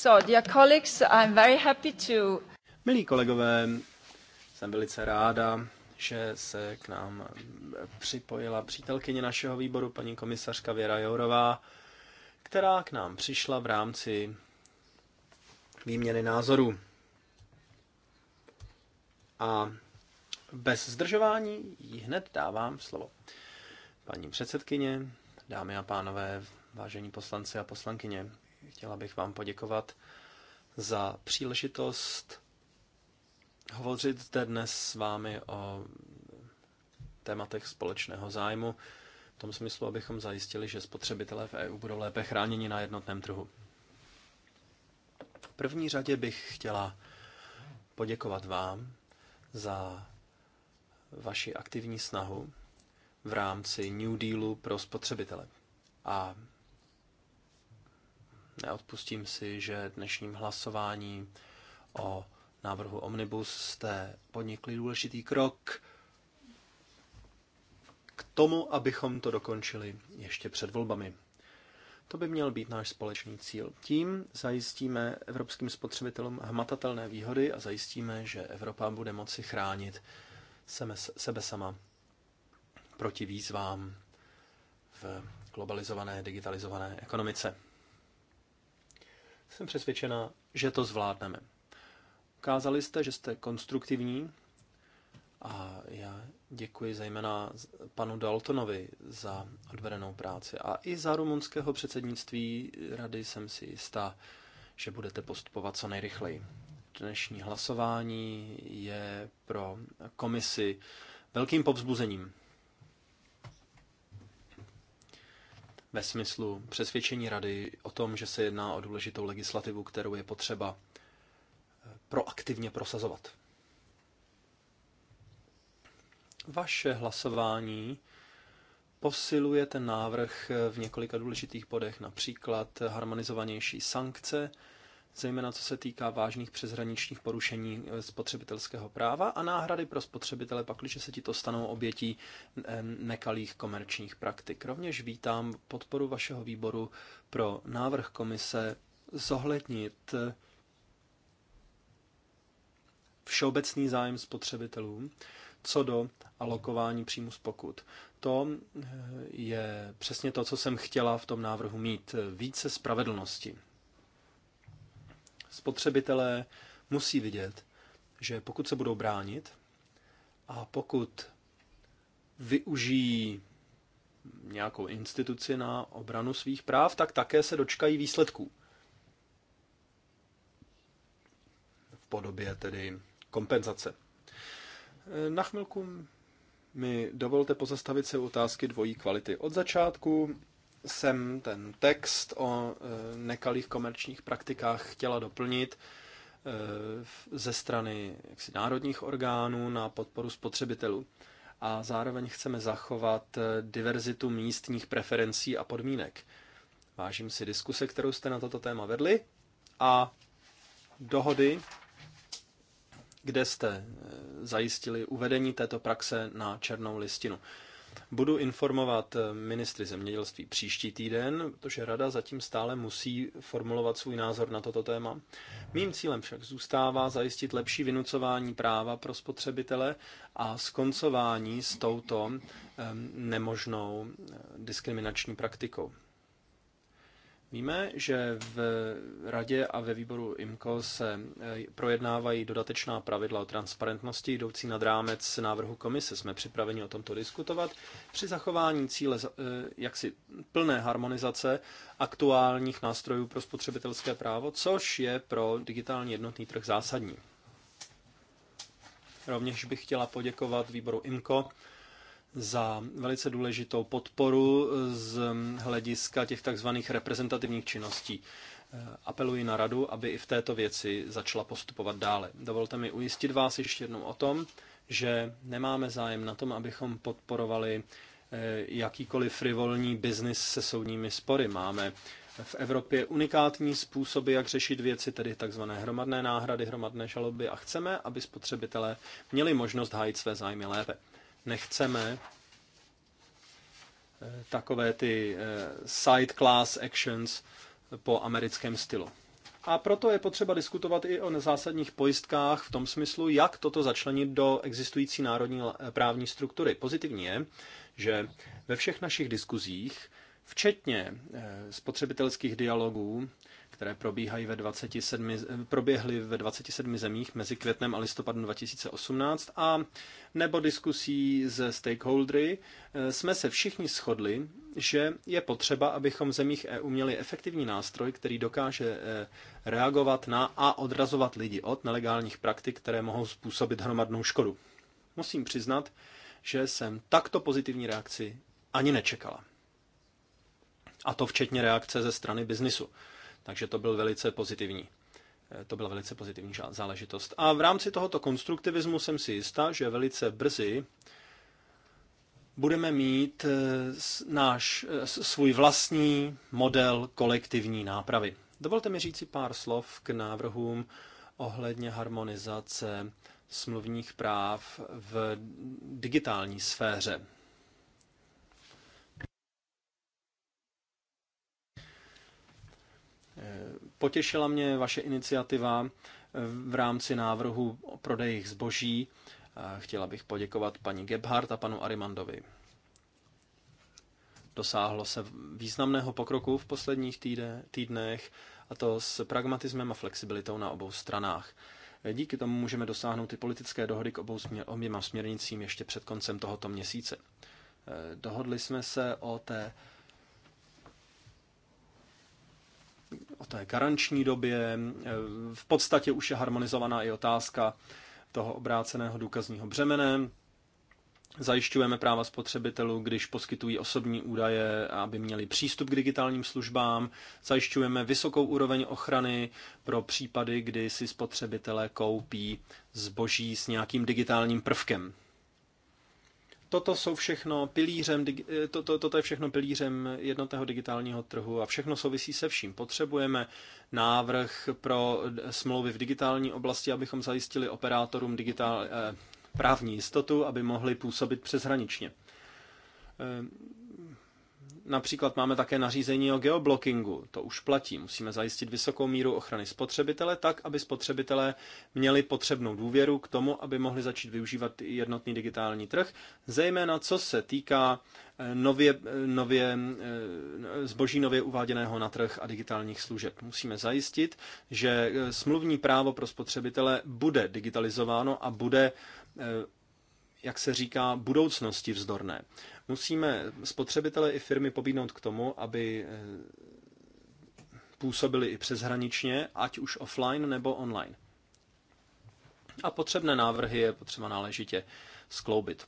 So, dear colleagues, I'm very happy to... Milí kolegové, jsem velice ráda, že se k nám připojila přítelkyně našeho výboru, paní komisařka Věra Jourová, která k nám přišla v rámci výměny názorů. A bez zdržování jí hned dávám slovo. Paní předsedkyně, dámy a pánové, vážení poslanci a poslankyně, Chtěla bych vám poděkovat za příležitost hovořit zde dnes s vámi o tématech společného zájmu, v tom smyslu, abychom zajistili, že spotřebitelé v EU budou lépe chráněni na jednotném trhu. V první řadě bych chtěla poděkovat vám za vaši aktivní snahu v rámci New Dealu pro spotřebitele. A Neodpustím si, že dnešním hlasováním o návrhu Omnibus jste podnikli důležitý krok k tomu, abychom to dokončili ještě před volbami. To by měl být náš společný cíl. Tím zajistíme evropským spotřebitelům hmatatelné výhody a zajistíme, že Evropa bude moci chránit sebe sama proti výzvám v globalizované digitalizované ekonomice. Jsem přesvědčena, že to zvládneme. Ukázali jste, že jste konstruktivní a já děkuji zejména panu Daltonovi za odvedenou práci a i za rumunského předsednictví rady jsem si jistá, že budete postupovat co nejrychleji. Dnešní hlasování je pro komisi velkým povzbuzením. ve smyslu přesvědčení rady o tom, že se jedná o důležitou legislativu, kterou je potřeba eh, proaktivně prosazovat. Vaše hlasování posiluje ten návrh v několika důležitých bodech, například harmonizovanější sankce, zejména co se týká vážných přeshraničních porušení eh, spotřebitelského práva a náhrady pro spotřebitele, pakliže se ti to stanou obětí eh, nekalých komerčních praktik. Rovněž vítám podporu vašeho výboru pro návrh komise zohlednit eh, všeobecný zájem spotřebitelů co do alokování příjmu z pokut. To je přesně to, co jsem chtěla v tom návrhu mít. Více spravedlnosti spotřebitelé musí vidět, že pokud se budou bránit a pokud využijí nějakou instituci na obranu svých práv, tak také se dočkají výsledků. V podobě tedy kompenzace. Na chvilku mi dovolte pozastavit se otázky dvojí kvality. Od začátku jsem ten text o eh, nekalých komerčních praktikách chtěla doplnit eh, ze strany jaksi, národních orgánů na podporu spotřebitelů. A zároveň chceme zachovat eh, diverzitu místních preferencí a podmínek. Vážím si diskuse, kterou jste na toto téma vedli a dohody, kde jste zajistili uvedení této praxe na černou listinu. Budu informovat eh, ministry zemědělství příští týden, protože rada zatím stále musí formulovat svůj názor na toto téma. Mým cílem však zůstává zajistit lepší vynucování práva pro spotřebitele a skoncování s touto eh, nemožnou eh, diskriminační praktikou. Víme, že v radě a ve výboru IMCO se eh, projednávají dodatečná pravidla o transparentnosti jdoucí nad rámec návrhu komise. Jsme připraveni o tomto diskutovat při zachování cíle eh, jaksi plné harmonizace aktuálních nástrojů pro spotřebitelské právo, což je pro digitální jednotný trh zásadní. Rovněž bych chtěla poděkovat výboru IMCO za velice důležitou podporu eh, z hlediska těch takzvaných reprezentativních činností. Eh, apeluji na radu, aby i v této věci začala postupovat dále. Dovolte mi ujistit vás ještě jednou o tom, že nemáme zájem na tom, abychom podporovali eh, jakýkoliv frivolní biznis se soudními spory. Máme v Evropě unikátní způsoby, jak řešit věci, tedy takzvané hromadné náhrady, hromadné žaloby a chceme, aby spotřebitelé měli možnost hájit své zájmy lépe. Nechceme eh, takové ty eh, side class actions po americkém stylu. A proto je potřeba diskutovat i o nezásadních pojistkách v tom smyslu, jak toto začlenit do existující národní právní struktury. Pozitivní je, že ve všech našich diskuzích, včetně eh, spotřebitelských dialogů, které probíhají ve 27, proběhly ve 27 zemích mezi květnem a listopadem 2018 a nebo diskusí se stakeholdery, eh, jsme se všichni shodli, že je potřeba, abychom v zemích EU měli efektivní nástroj, který dokáže eh, reagovat na a odrazovat lidi od nelegálních praktik, které mohou způsobit hromadnou škodu. Musím přiznat, že jsem takto pozitivní reakci ani nečekala. A to včetně reakce ze strany biznisu. Takže to byl velice pozitivní. Eh, to byla velice pozitivní záležitost. A v rámci tohoto konstruktivismu jsem si jistá, že velice brzy budeme mít eh, náš eh, svůj vlastní model kolektivní nápravy. Dovolte mi říci pár slov k návrhům ohledně harmonizace smluvních práv v digitální sféře. Potěšila mě vaše iniciativa eh, v rámci návrhu o prodejích zboží. Eh, chtěla bych poděkovat paní Gebhardt a panu Arimandovi. Dosáhlo se významného pokroku v posledních týde, týdnech, a to s pragmatismem a flexibilitou na obou stranách. Díky tomu můžeme dosáhnout i politické dohody k obou směr, oběma směrnicím ještě před koncem tohoto měsíce. Eh, dohodli jsme se o té o té garanční době. Eh, v podstatě už je harmonizovaná i otázka toho obráceného důkazního břemene. Zajišťujeme práva spotřebitelů, když poskytují osobní údaje, aby měli přístup k digitálním službám. Zajišťujeme vysokou úroveň ochrany pro případy, kdy si spotřebitelé koupí zboží s nějakým digitálním prvkem. Toto jsou všechno pilířem, eh, to, to, toto je všechno pilířem jednotného digitálního trhu a všechno souvisí se vším. Potřebujeme návrh pro smlouvy v digitální oblasti, abychom zajistili operátorům digitál, eh, právní jistotu, aby mohli působit přeshraničně. Eh, Například máme také nařízení o geoblockingu, to už platí. Musíme zajistit vysokou míru ochrany spotřebitele tak, aby spotřebitelé měli potřebnou důvěru k tomu, aby mohli začít využívat jednotný digitální trh, zejména co se týká eh, nově, eh, nově, eh, zboží nově uváděného na trh a digitálních služeb. Musíme zajistit, že smluvní právo pro spotřebitele bude digitalizováno a bude jak se říká, budoucnosti vzdorné. Musíme spotřebitele i firmy pobídnout k tomu, aby eh, působili i přeshraničně, ať už offline nebo online. A potřebné návrhy je potřeba náležitě skloubit.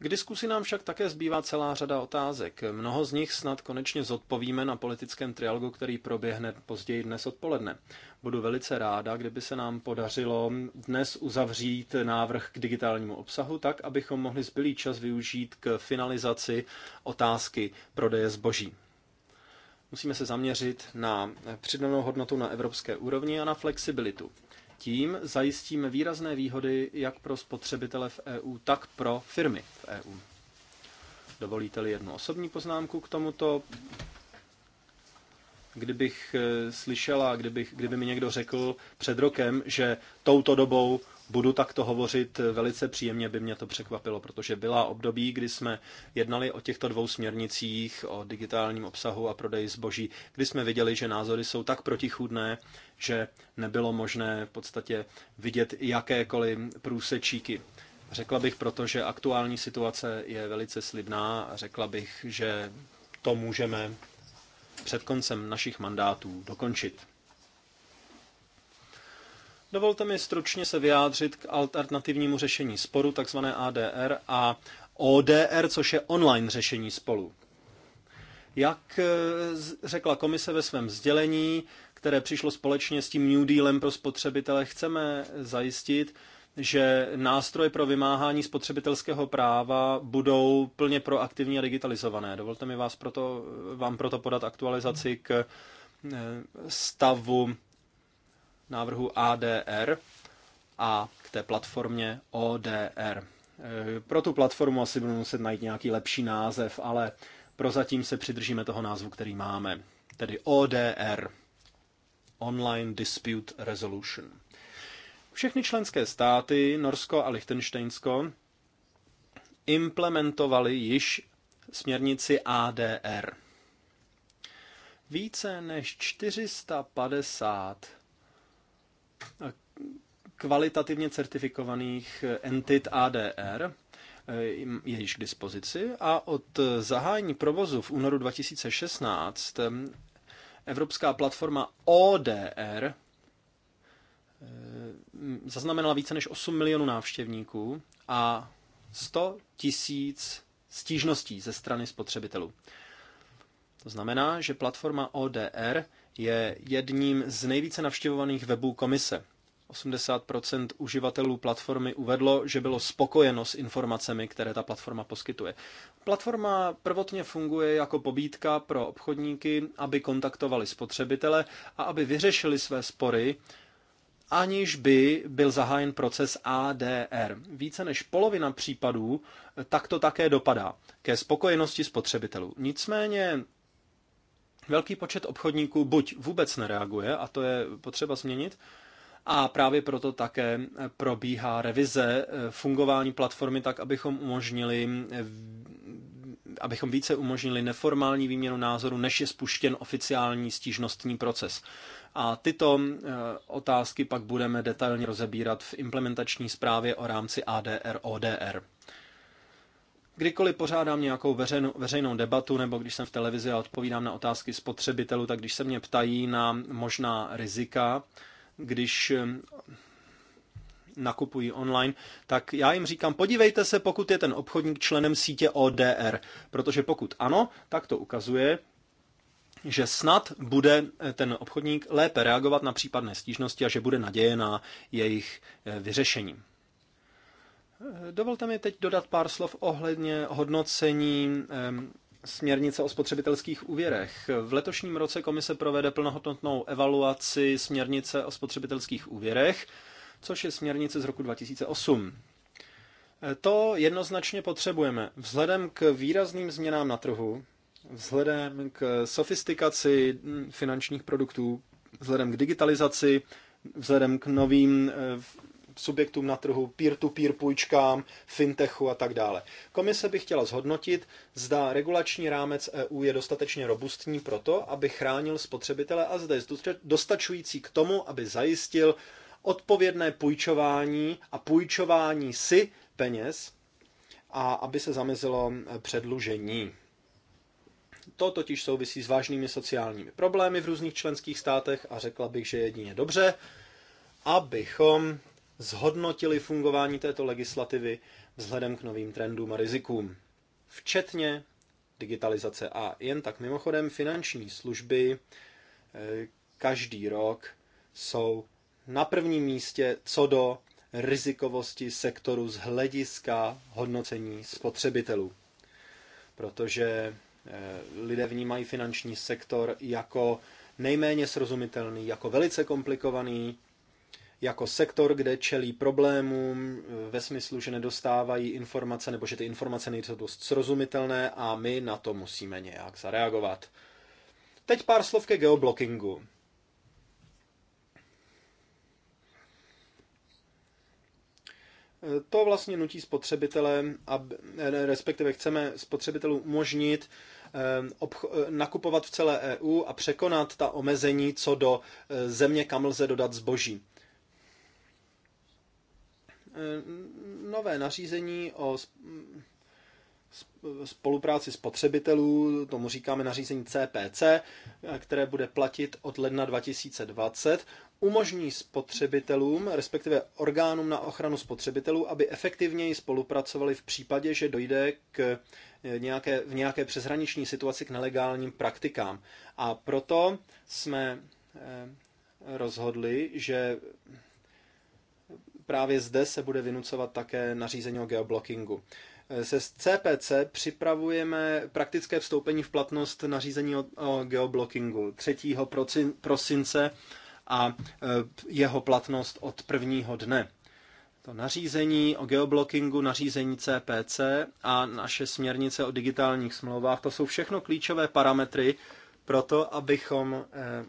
K diskusi nám však také zbývá celá řada otázek. Mnoho z nich snad konečně zodpovíme na politickém trialogu, který proběhne později dnes odpoledne. Budu velice ráda, kdyby se nám podařilo dnes uzavřít návrh k digitálnímu obsahu tak, abychom mohli zbylý čas využít k finalizaci otázky prodeje zboží. Musíme se zaměřit na přidanou hodnotu na evropské úrovni a na flexibilitu. Tím zajistíme výrazné výhody jak pro spotřebitele v EU, tak pro firmy v EU. Dovolíte-li jednu osobní poznámku k tomuto? Kdybych eh, slyšela, kdybych, kdyby mi někdo řekl před rokem, že touto dobou budu takto hovořit velice příjemně, by mě to překvapilo, protože byla období, kdy jsme jednali o těchto dvou směrnicích, o digitálním obsahu a prodeji zboží, kdy jsme viděli, že názory jsou tak protichůdné, že nebylo možné v podstatě vidět jakékoliv průsečíky. Řekla bych proto, že aktuální situace je velice slibná a řekla bych, že to můžeme před koncem našich mandátů dokončit. Dovolte mi stručně se vyjádřit k alternativnímu řešení sporu, takzvané ADR a ODR, což je online řešení spolu. Jak e, řekla komise ve svém sdělení, které přišlo společně s tím New Dealem pro spotřebitele, chceme zajistit, že nástroje pro vymáhání spotřebitelského práva budou plně proaktivní a digitalizované. Dovolte mi vás proto, vám proto podat aktualizaci k e, stavu návrhu ADR a k té platformě ODR. Eh, pro tu platformu asi budu muset najít nějaký lepší název, ale prozatím se přidržíme toho názvu, který máme, tedy ODR, Online Dispute Resolution. Všechny členské státy, Norsko a Liechtensteinsko, implementovali již směrnici ADR. Více než 450 kvalitativně certifikovaných entit ADR eh, je již k dispozici a od zahájení provozu v únoru 2016 eh, evropská platforma ODR eh, zaznamenala více než 8 milionů návštěvníků a 100 tisíc stížností ze strany spotřebitelů. To znamená, že platforma ODR je jedním z nejvíce navštěvovaných webů komise. 80 uživatelů platformy uvedlo, že bylo spokojeno s informacemi, které ta platforma poskytuje. Platforma prvotně funguje jako pobídka pro obchodníky, aby kontaktovali spotřebitele a aby vyřešili své spory, aniž by byl zahájen proces ADR. Více než polovina případů takto také dopadá ke spokojenosti spotřebitelů. Nicméně Velký počet obchodníků buď vůbec nereaguje, a to je potřeba změnit, a právě proto také probíhá revize eh, fungování platformy tak, abychom umožnili eh, abychom více umožnili neformální výměnu názoru, než je spuštěn oficiální stížnostní proces. A tyto eh, otázky pak budeme detailně rozebírat v implementační zprávě o rámci ADR-ODR. Kdykoliv pořádám nějakou veřejnou, veřejnou debatu nebo když jsem v televizi a odpovídám na otázky spotřebitelů, tak když se mě ptají na možná rizika, když nakupují online, tak já jim říkám, podívejte se, pokud je ten obchodník členem sítě ODR, protože pokud ano, tak to ukazuje, že snad bude eh, ten obchodník lépe reagovat na případné stížnosti a že bude naděje na jejich eh, vyřešení. Dovolte mi teď dodat pár slov ohledně hodnocení směrnice o spotřebitelských úvěrech. V letošním roce komise provede plnohodnotnou evaluaci směrnice o spotřebitelských úvěrech, což je směrnice z roku 2008. E, to jednoznačně potřebujeme. Vzhledem k výrazným změnám na trhu, vzhledem k sofistikaci finančních produktů, vzhledem k digitalizaci, vzhledem k novým e, subjektům na trhu, peer-to-peer -peer půjčkám, fintechu a tak dále. Komise by chtěla zhodnotit, zda regulační rámec EU je dostatečně robustní pro to, aby chránil spotřebitele a zda je dostačující k tomu, aby zajistil odpovědné půjčování a půjčování si peněz a aby se zamezilo předlužení. To totiž souvisí s vážnými sociálními problémy v různých členských státech a řekla bych, že jedině dobře, abychom zhodnotili fungování této legislativy vzhledem k novým trendům a rizikům, včetně digitalizace. A jen tak mimochodem, finanční služby eh, každý rok jsou na prvním místě co do rizikovosti sektoru z hlediska hodnocení spotřebitelů. Protože eh, lidé vnímají finanční sektor jako nejméně srozumitelný, jako velice komplikovaný, jako sektor, kde čelí problémům eh, ve smyslu, že nedostávají informace nebo že ty informace nejsou dost srozumitelné a my na to musíme nějak zareagovat. Teď pár slov ke geoblockingu. Eh, to vlastně nutí spotřebitele, eh, respektive chceme spotřebitelům umožnit nakupovat v celé EU a překonat ta omezení co do země, kam lze dodat zboží nové nařízení o spolupráci spotřebitelů, tomu říkáme nařízení CPC, které bude platit od ledna 2020, umožní spotřebitelům, respektive orgánům na ochranu spotřebitelů, aby efektivněji spolupracovali v případě, že dojde k nějaké, v nějaké přeshraniční situaci k nelegálním praktikám. A proto jsme eh, rozhodli, že právě zde se bude vynucovat také nařízení o geoblockingu. E, se CPC připravujeme praktické vstoupení v platnost nařízení o, o geoblockingu 3. prosince a e, jeho platnost od prvního dne. To nařízení o geoblockingu, nařízení CPC a naše směrnice o digitálních smlouvách, to jsou všechno klíčové parametry pro to, abychom e,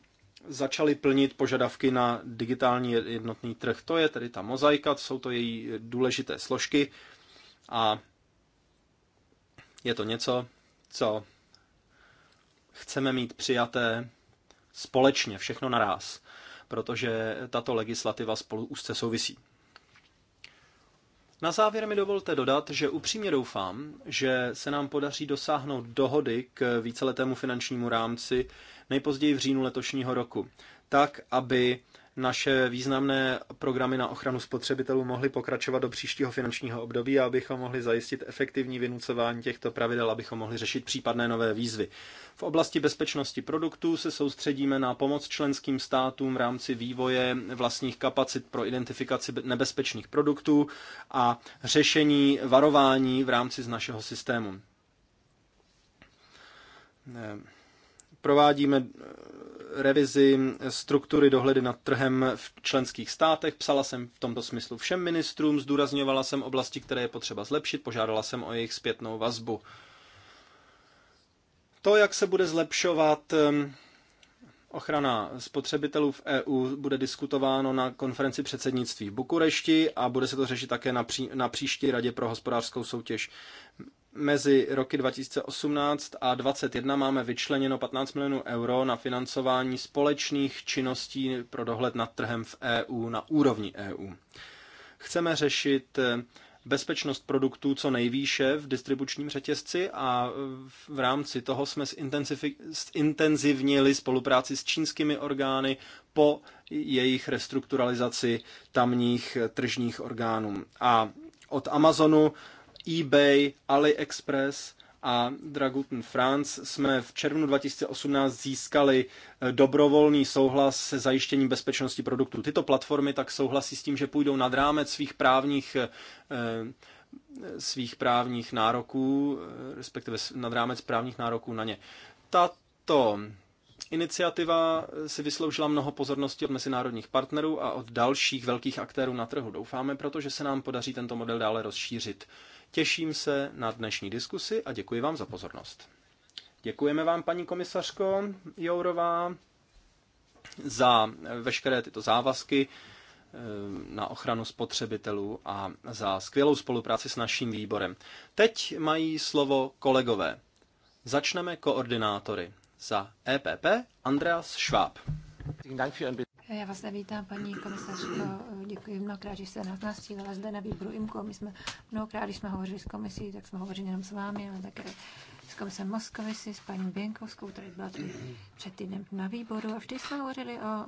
začaly plnit požadavky na digitální jednotný trh. To je tedy ta mozaika, jsou to její důležité složky a je to něco, co chceme mít přijaté společně, všechno naraz, protože tato legislativa spolu úzce souvisí. Na závěr mi dovolte dodat, že upřímně doufám, že se nám podaří dosáhnout dohody k víceletému finančnímu rámci nejpozději v říjnu letošního roku, tak aby naše významné programy na ochranu spotřebitelů mohly pokračovat do příštího finančního období a abychom mohli zajistit efektivní vynucování těchto pravidel, abychom mohli řešit případné nové výzvy. V oblasti bezpečnosti produktů se soustředíme na pomoc členským státům v rámci vývoje vlastních kapacit pro identifikaci nebezpečných produktů a řešení varování v rámci z našeho systému. Ne Provádíme eh, revizi struktury dohledy nad trhem v členských státech. Psala jsem v tomto smyslu všem ministrům, zdůrazňovala jsem oblasti, které je potřeba zlepšit, požádala jsem o jejich zpětnou vazbu. To, jak se bude zlepšovat eh, ochrana spotřebitelů v EU, bude diskutováno na konferenci předsednictví v Bukurešti a bude se to řešit také na, pří, na příští radě pro hospodářskou soutěž mezi roky 2018 a 2021 máme vyčleněno 15 milionů euro na financování společných činností pro dohled nad trhem v EU na úrovni EU. Chceme řešit eh, bezpečnost produktů co nejvýše v distribučním řetězci a eh, v rámci toho jsme zintenzivnili spolupráci s čínskými orgány po jejich restrukturalizaci tamních eh, tržních orgánů. A od Amazonu eBay, AliExpress a Dragutin France jsme v červnu 2018 získali eh, dobrovolný souhlas se zajištěním bezpečnosti produktů. Tyto platformy tak souhlasí s tím, že půjdou nad rámec svých právních eh, eh, svých právních nároků, respektive nad rámec právních nároků na ně. Tato iniciativa si vysloužila mnoho pozornosti od mezinárodních partnerů a od dalších velkých aktérů na trhu. Doufáme proto, že se nám podaří tento model dále rozšířit. Těším se na dnešní diskusi a děkuji vám za pozornost. Děkujeme vám, paní komisařko Jourová, za veškeré tyto závazky eh, na ochranu spotřebitelů a za skvělou spolupráci s naším výborem. Teď mají slovo kolegové. Začneme koordinátory. Za EPP Andreas Schwab. Já vás vítám, paní komisařko. Děkuji mnohokrát, že jste nás nastívila zde na výboru Imko, My jsme mnohokrát, když jsme hovořili s komisí, tak jsme hovořili jenom s vámi, ale také s komisem Moskovici, s paní Běnkovskou, která byla tady před týdnem na výboru. A vždy jsme hovořili o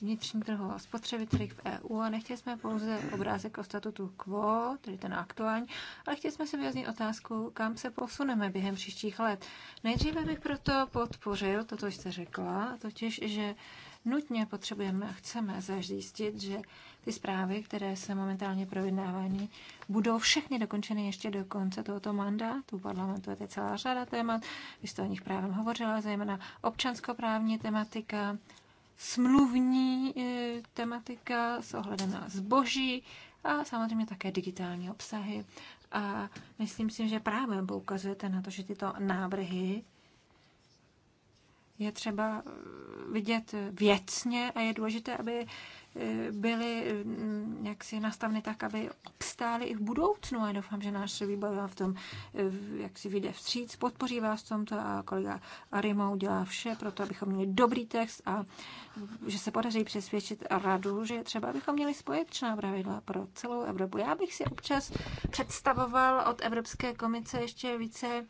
vnitřní trhu a spotřebitelích v EU a nechtěli jsme pouze obrázek o statutu quo, tedy ten aktuální, ale chtěli jsme si vyjasnit otázku, kam se posuneme během příštích let. Nejdříve bych proto podpořil to, co jste řekla, totiž, že Nutně potřebujeme a chceme zajistit, že ty zprávy, které se momentálně projednávají, budou všechny dokončeny ještě do konce tohoto mandátu parlamentu. Je to celá řada témat, vy jste o nich právě hovořila, zejména občanskoprávní tematika, smluvní e, tematika s ohledem na zboží a samozřejmě také digitální obsahy. A myslím si, že právě poukazujete na to, že tyto návrhy je třeba eh, vidět věcně a je důležité, aby eh, byly mm, jaksi nastaveny tak, aby obstály i v budoucnu. A doufám, že náš výbor vám v tom eh, jak si vyjde vstříc, podpoří vás v tomto a kolega Arimo udělá vše pro to, abychom měli dobrý text a že se podaří přesvědčit radu, že třeba abychom měli společná pravidla pro celou Evropu. Já bych si občas představoval od Evropské komise ještě více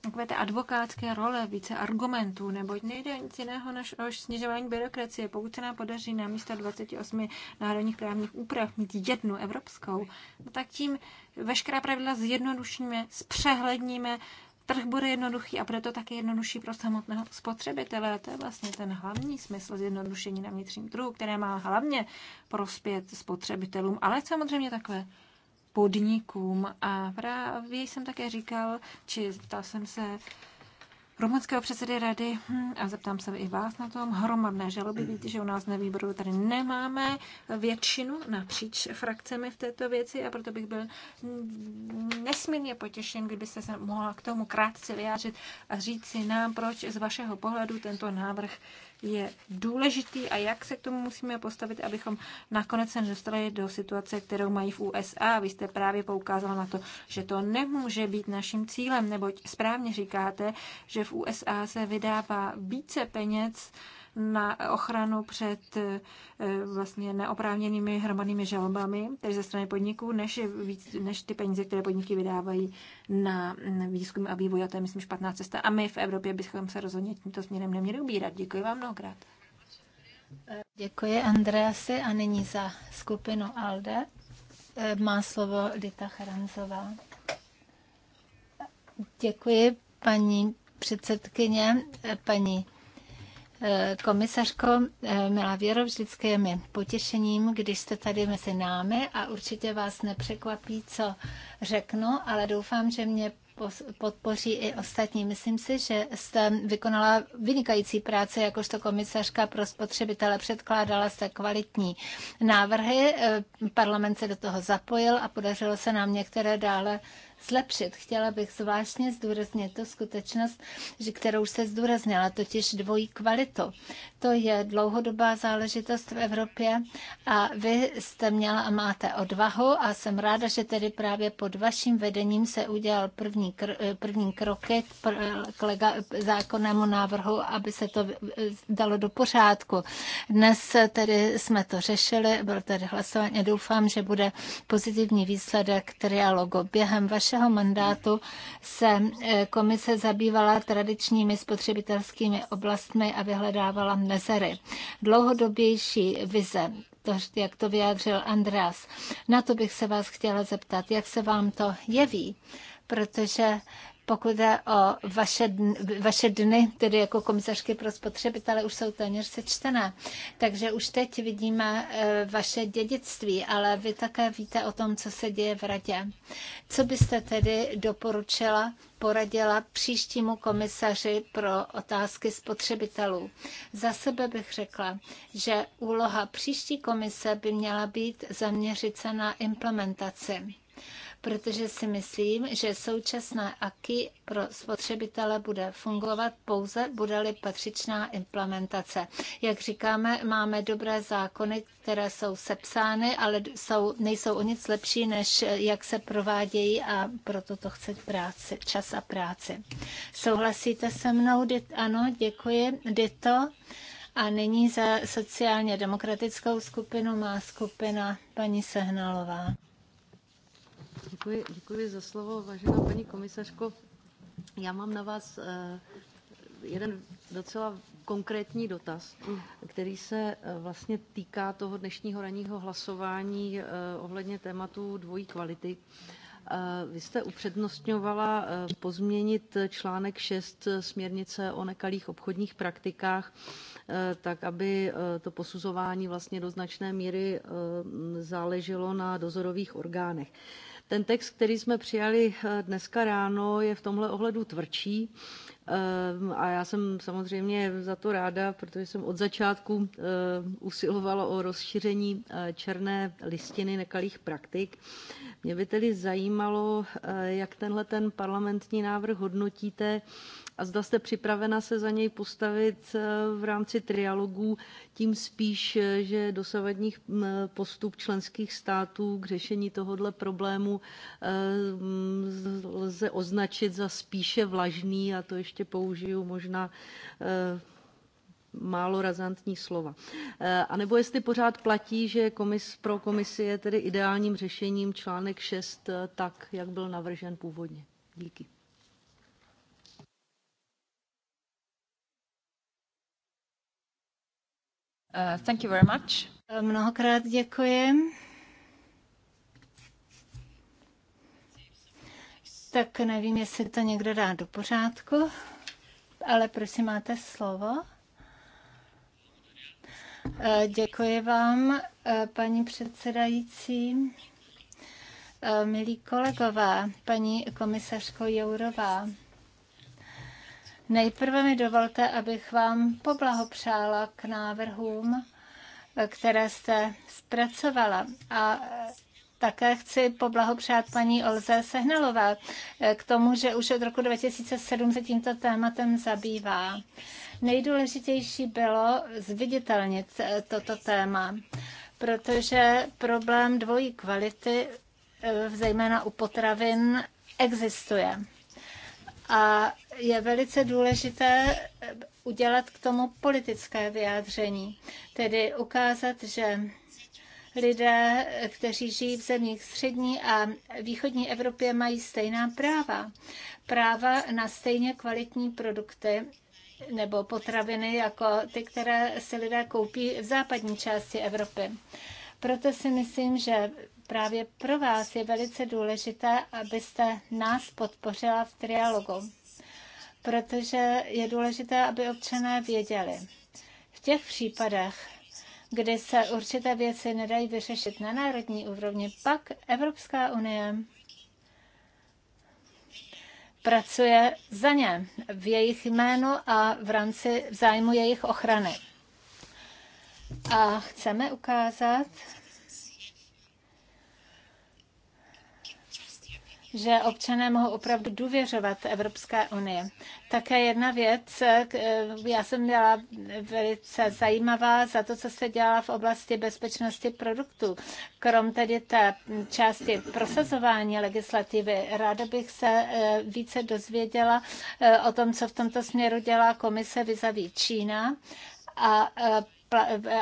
takové té advokátské role, více argumentů, neboť nejde nic jiného než o snižování byrokracie. Pokud se nám podaří na místo 28 národních právních úprav mít jednu evropskou, no tak tím veškerá pravidla zjednodušíme, zpřehledníme, trh bude jednoduchý a proto také jednodušší pro samotného spotřebitele. To je vlastně ten hlavní smysl zjednodušení na vnitřním trhu, které má hlavně prospět spotřebitelům, ale samozřejmě takové podnikům. A právě jsem také říkal, či ptal jsem se rumunského předsedy rady hm, a zeptám se i vás na tom hromadné žaloby. Víte, že u nás na výboru tady nemáme většinu napříč frakcemi v této věci a proto bych byl nesmírně potěšen, kdyby se mohla k tomu krátce vyjádřit a říct si nám, proč z vašeho pohledu tento návrh je důležitý a jak se k tomu musíme postavit, abychom nakonec se dostali do situace, kterou mají v USA. Vy jste právě poukázala na to, že to nemůže být naším cílem, neboť správně říkáte, že v USA se vydává více peněz, na ochranu před eh, vlastně neoprávněnými hromadnými žalobami, tedy ze strany podniků, než, víc, než ty peníze, které podniky vydávají na výzkum a vývoj. A to je, myslím, špatná cesta. A my v Evropě bychom se rozhodně tímto směrem neměli ubírat. Děkuji vám mnohokrát. Děkuji, Andreasi. A nyní za skupinu ALDE eh, má slovo Dita Charanzová. Děkuji, paní předsedkyně, eh, paní Eh, komisařko eh, Milá Věro, vždycky je mi potěšením, když jste tady mezi námi a určitě vás nepřekvapí, co řeknu, ale doufám, že mě podpoří i ostatní. Myslím si, že jste vykonala vynikající práci jakožto komisařka pro spotřebitele, předkládala jste kvalitní návrhy, eh, parlament se do toho zapojil a podařilo se nám některé dále zlepšit. Chtěla bych zvláštně zdůraznit tu skutečnost, že kterou se zdůraznila, totiž dvojí kvalitu. To je dlouhodobá záležitost v Evropě a vy jste měla a máte odvahu a jsem ráda, že tedy právě pod vaším vedením se udělal první, kr- eh, první kroky k, k lega- zákonnému návrhu, aby se to eh, dalo do pořádku. Dnes tedy jsme to řešili, byl tedy hlasování. Doufám, že bude pozitivní výsledek trialogu. Během vašeho mandátu se eh, komise zabývala tradičními spotřebitelskými oblastmi a vyhledávala mezery. Dlouhodobější vize to, jak to vyjádřil Andreas. Na to bych se vás chtěla zeptat, jak se vám to jeví, protože pokud jde o vaše, dny, vaše dny, tedy jako komisařky pro spotřebitele, už jsou téměř sečtené. Takže už teď vidíme eh, vaše dědictví, ale vy také víte o tom, co se děje v radě. Co byste tedy doporučila, poradila příštímu komisaři pro otázky spotřebitelů? Za sebe bych řekla, že úloha příští komise by měla být zaměřit se na implementaci protože si myslím, že současné AKI pro spotřebitele bude fungovat pouze, bude-li patřičná implementace. Jak říkáme, máme dobré zákony, které jsou sepsány, ale jsou, nejsou o nic lepší, než jak se provádějí a proto to chce práci, čas a práci. Souhlasíte se mnou? Ano, děkuji. Dito. A nyní za sociálně demokratickou skupinu má skupina paní Sehnalová. Děkuji, děkuji za slovo, vážená paní komisařko. Já mám na vás eh, jeden docela konkrétní dotaz, který se eh, vlastně týká toho dnešního ranního hlasování eh, ohledně tématu dvojí kvality. Vy jste upřednostňovala pozměnit článek 6 směrnice o nekalých obchodních praktikách, tak aby to posuzování vlastně do značné míry záleželo na dozorových orgánech. Ten text, který jsme přijali eh, dneska ráno, je v tomhle ohledu tvrdší. Ehm, a já jsem samozřejmě za to ráda, protože jsem od začátku ehm, usilovala o rozšíření eh, černé listiny nekalých praktik. Mě by tedy zajímalo, eh, jak tenhle ten parlamentní návrh hodnotíte a zda jste připravena se za něj postavit eh, v rámci trialogů, tím spíš, že dosavadních postup členských států k řešení tohohle problému ehm, lze označit za spíše vlažný a to ještě ještě použiju možná eh, málo razantní slova. Eh, A nebo jestli pořád platí, že komis, pro komisi je tedy ideálním řešením článek 6 eh, tak, jak byl navržen původně. Díky. Uh, thank you very much. Mnohokrát děkuji. Tak nevím, jestli to někdo dá do pořádku, ale prosím, máte slovo. Eh, děkuji vám, eh, paní předsedající. Eh, milí kolegové, paní komisařko Jourová, nejprve mi dovolte, abych vám poblahopřála k návrhům, které jste zpracovala. A také chci poblahopřát paní Olze Sehnalové k tomu, že už od roku 2007 se tímto tématem zabývá. Nejdůležitější bylo zviditelnit eh, toto téma, protože problém dvojí kvality, eh, zejména u potravin, existuje. A je velice důležité eh, udělat k tomu politické vyjádření, tedy ukázat, že lidé, kteří žijí v zemích střední a východní Evropě, mají stejná práva. Práva na stejně kvalitní produkty nebo potraviny jako ty, které si lidé koupí v západní části Evropy. Proto si myslím, že právě pro vás je velice důležité, abyste nás podpořila v trialogu, protože je důležité, aby občané věděli. V těch případech, kdy se určité věci nedají vyřešit na národní úrovni, pak Evropská unie pracuje za ně v jejich jménu a v rámci zájmu jejich ochrany. A chceme ukázat, že občané mohou opravdu důvěřovat Evropské unii. Také jedna věc, eh, já jsem měla velice zajímavá za to, co se dělá v oblasti bezpečnosti produktů. Krom tedy té části prosazování legislativy, ráda bych se eh, více dozvěděla eh, o tom, co v tomto směru dělá komise vizaví Čína a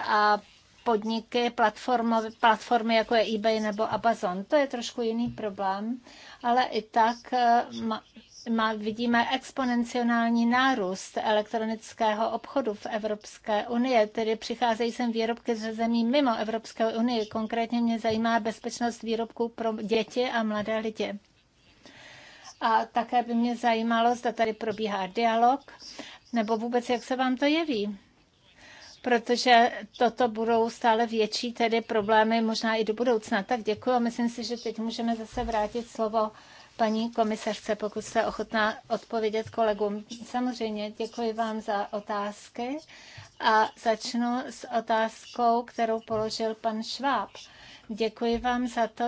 a podniky, platformy, platformy jako je eBay nebo Amazon. To je trošku jiný problém, ale i tak eh, má, vidíme exponenciální nárůst elektronického obchodu v Evropské unii, tedy přicházejí sem výrobky ze zemí mimo Evropské unii. Konkrétně mě zajímá bezpečnost výrobků pro děti a mladé lidi. A také by mě zajímalo, zda tady probíhá dialog, nebo vůbec, jak se vám to jeví protože toto budou stále větší tedy problémy možná i do budoucna. Tak děkuji a myslím si, že teď můžeme zase vrátit slovo paní komisařce, pokud jste ochotná odpovědět kolegům. Samozřejmě děkuji vám za otázky a začnu s otázkou, kterou položil pan Šváb. Děkuji vám za to,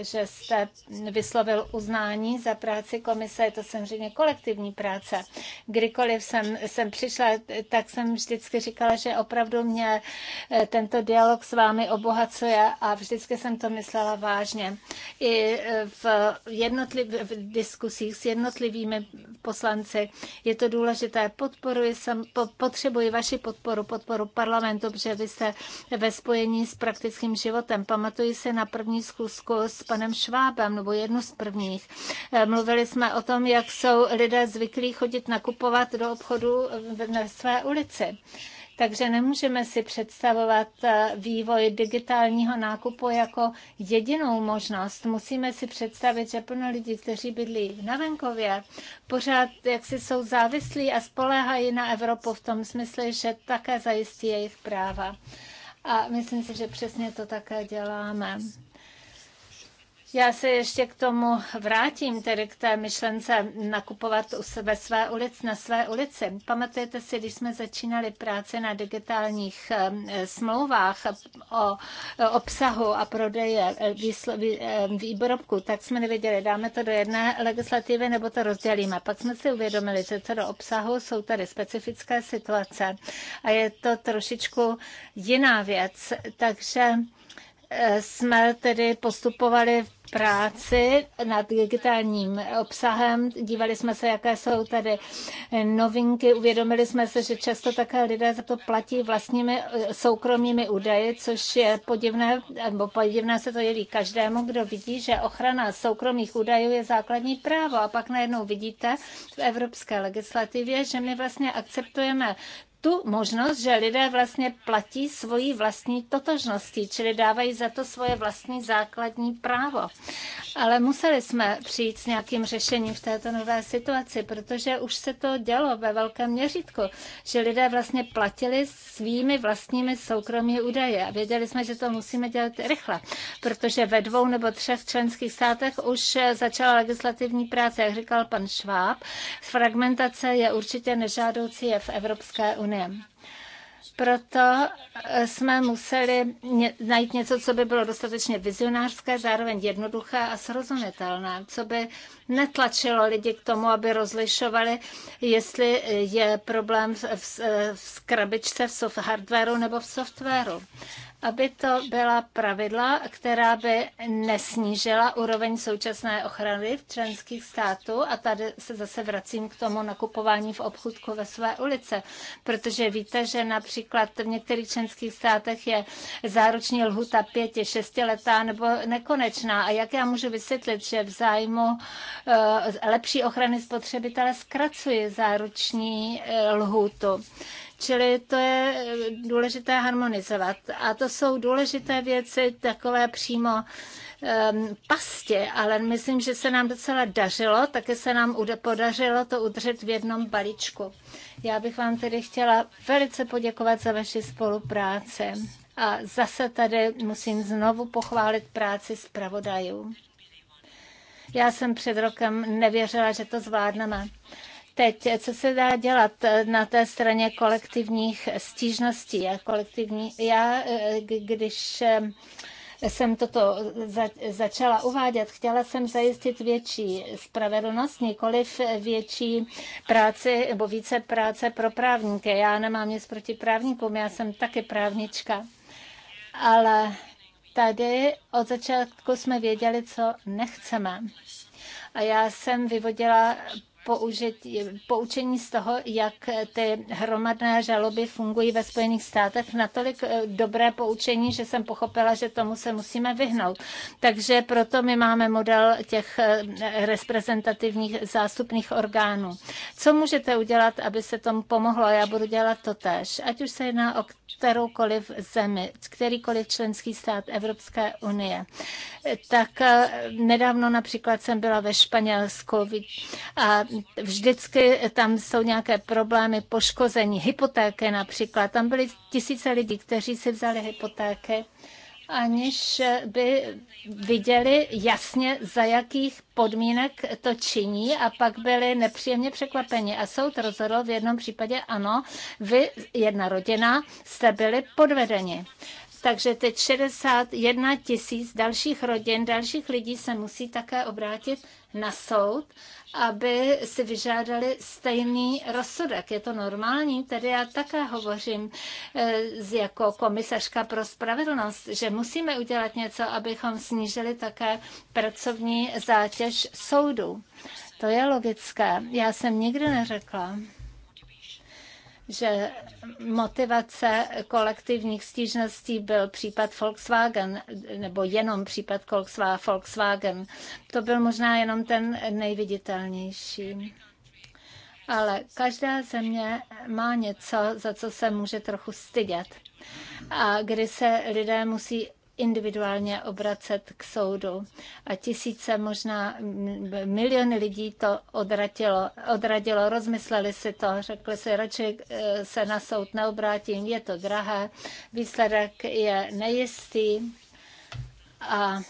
že jste vyslovil uznání za práci komise. Je to samozřejmě kolektivní práce. Kdykoliv jsem, jsem přišla, tak jsem vždycky říkala, že opravdu mě eh, tento dialog s vámi obohacuje a vždycky jsem to myslela vážně. I eh, v, jednotliv, v diskusích s jednotlivými poslanci je to důležité. Podporuji jsem, potřebuji vaši podporu, podporu parlamentu, protože vy jste ve spojení s praktickým životem. Pamatuju pamatuji se na první zkusku s panem Švábem, nebo jednu z prvních. Eh, mluvili jsme o tom, jak jsou lidé zvyklí chodit nakupovat do obchodu eh, na své ulici. Takže nemůžeme si představovat eh, vývoj digitálního nákupu jako jedinou možnost. Musíme si představit, že plno lidí, kteří bydlí na venkově, pořád jaksi jsou závislí a spoléhají na Evropu v tom smyslu, že také zajistí jejich práva. A myslím si, že přesně to také děláme. Já se ještě k tomu vrátím, tedy k té myšlence nakupovat ve své ulici, na své ulici. Pamatujete si, když jsme začínali práci na digitálních smlouvách o obsahu a prodeje eh, eh, výrobku, tak jsme nevěděli, dáme to do jedné legislativy nebo to rozdělíme. Pak jsme si uvědomili, že co do obsahu jsou tady specifické situace a je to trošičku jiná věc. Takže jsme tedy postupovali v práci nad digitálním obsahem. Dívali jsme se, jaké jsou tady novinky. Uvědomili jsme se, že často také lidé za to platí vlastními eh, soukromými údaji, což je podivné, nebo podivné se to jeví každému, kdo vidí, že ochrana soukromých údajů je základní právo. A pak najednou vidíte v evropské legislativě, že my vlastně akceptujeme tu možnost, že lidé vlastně platí svoji vlastní totožností, čili dávají za to svoje vlastní základní právo. Ale museli jsme přijít s nějakým řešením v této nové situaci, protože už se to dělo ve velkém měřítku, že lidé vlastně platili svými vlastními soukromými údaje a věděli jsme, že to musíme dělat rychle, protože ve dvou nebo třech členských státech už začala legislativní práce, jak říkal pan Šváb. Fragmentace je určitě nežádoucí je v Evropské unii unie. Proto jsme museli najít něco, co by bylo dostatečně vizionářské, zároveň jednoduché a srozumitelné, co by netlačilo lidi k tomu, aby rozlišovali, jestli je problém v, v, v krabičce, v hardwareu nebo v softwaru aby to byla pravidla, která by nesnížila úroveň současné ochrany v členských států. A tady se zase vracím k tomu nakupování v obchudku ve své ulice, protože víte, že například v některých členských státech je záruční lhuta pěti, šestiletá nebo nekonečná. A jak já můžu vysvětlit, že v zájmu eh, lepší ochrany spotřebitele zkracuje záruční eh, lhutu? Čili to je eh, důležité harmonizovat. A to jsou důležité věci, takové přímo um, pastě, ale myslím, že se nám docela dařilo, také se nám podařilo to udržet v jednom balíčku. Já bych vám tedy chtěla velice poděkovat za vaši spolupráci. A zase tady musím znovu pochválit práci zpravodajů. Já jsem před rokem nevěřila, že to zvládneme. Teď, co se dá dělat na té straně kolektivních stížností Já, kolektivní... Já, eh, když eh, jsem toto za, začala uvádět, chtěla jsem zajistit větší spravedlnost, nikoliv větší práci nebo více práce pro právníky. Já nemám nic proti právníkům, já jsem taky právnička. Ale tady od začátku jsme věděli, co nechceme. A já jsem vyvodila použit, poučení z toho, jak ty hromadné žaloby fungují ve Spojených státech, natolik eh, dobré poučení, že jsem pochopila, že tomu se musíme vyhnout. Takže proto my máme model těch eh, reprezentativních zástupných orgánů. Co můžete udělat, aby se tomu pomohlo? Já budu dělat to tež. Ať už se jedná o kteroukoliv zemi, kterýkoliv členský stát Evropské unie. Eh, tak nedávno například jsem byla ve Španělsku a vždycky tam jsou nějaké problémy, poškození, hypotéky například. Tam byly tisíce lidí, kteří si vzali hypotéky aniž by viděli jasně, za jakých podmínek to činí a pak byli nepříjemně překvapeni. A soud rozhodl v jednom případě, ano, vy, jedna rodina, jste byli podvedeni. Takže teď 61 tisíc dalších rodin, dalších lidí se musí také obrátit na soud, aby si vyžádali stejný rozsudek. Je to normální? Tedy já také hovořím eh, jako komisařka pro spravedlnost, že musíme udělat něco, abychom snížili také pracovní zátěž soudu. To je logické. Já jsem nikdy neřekla že motivace kolektivních stížností byl případ Volkswagen, nebo jenom případ Volkswagen. To byl možná jenom ten nejviditelnější. Ale každá země má něco, za co se může trochu stydět a kdy se lidé musí individuálně obracet k soudu. A tisíce, možná miliony lidí to odradilo, odradilo rozmysleli si to, řekli si, radši eh, se na soud neobrátím, je to drahé, výsledek je nejistý a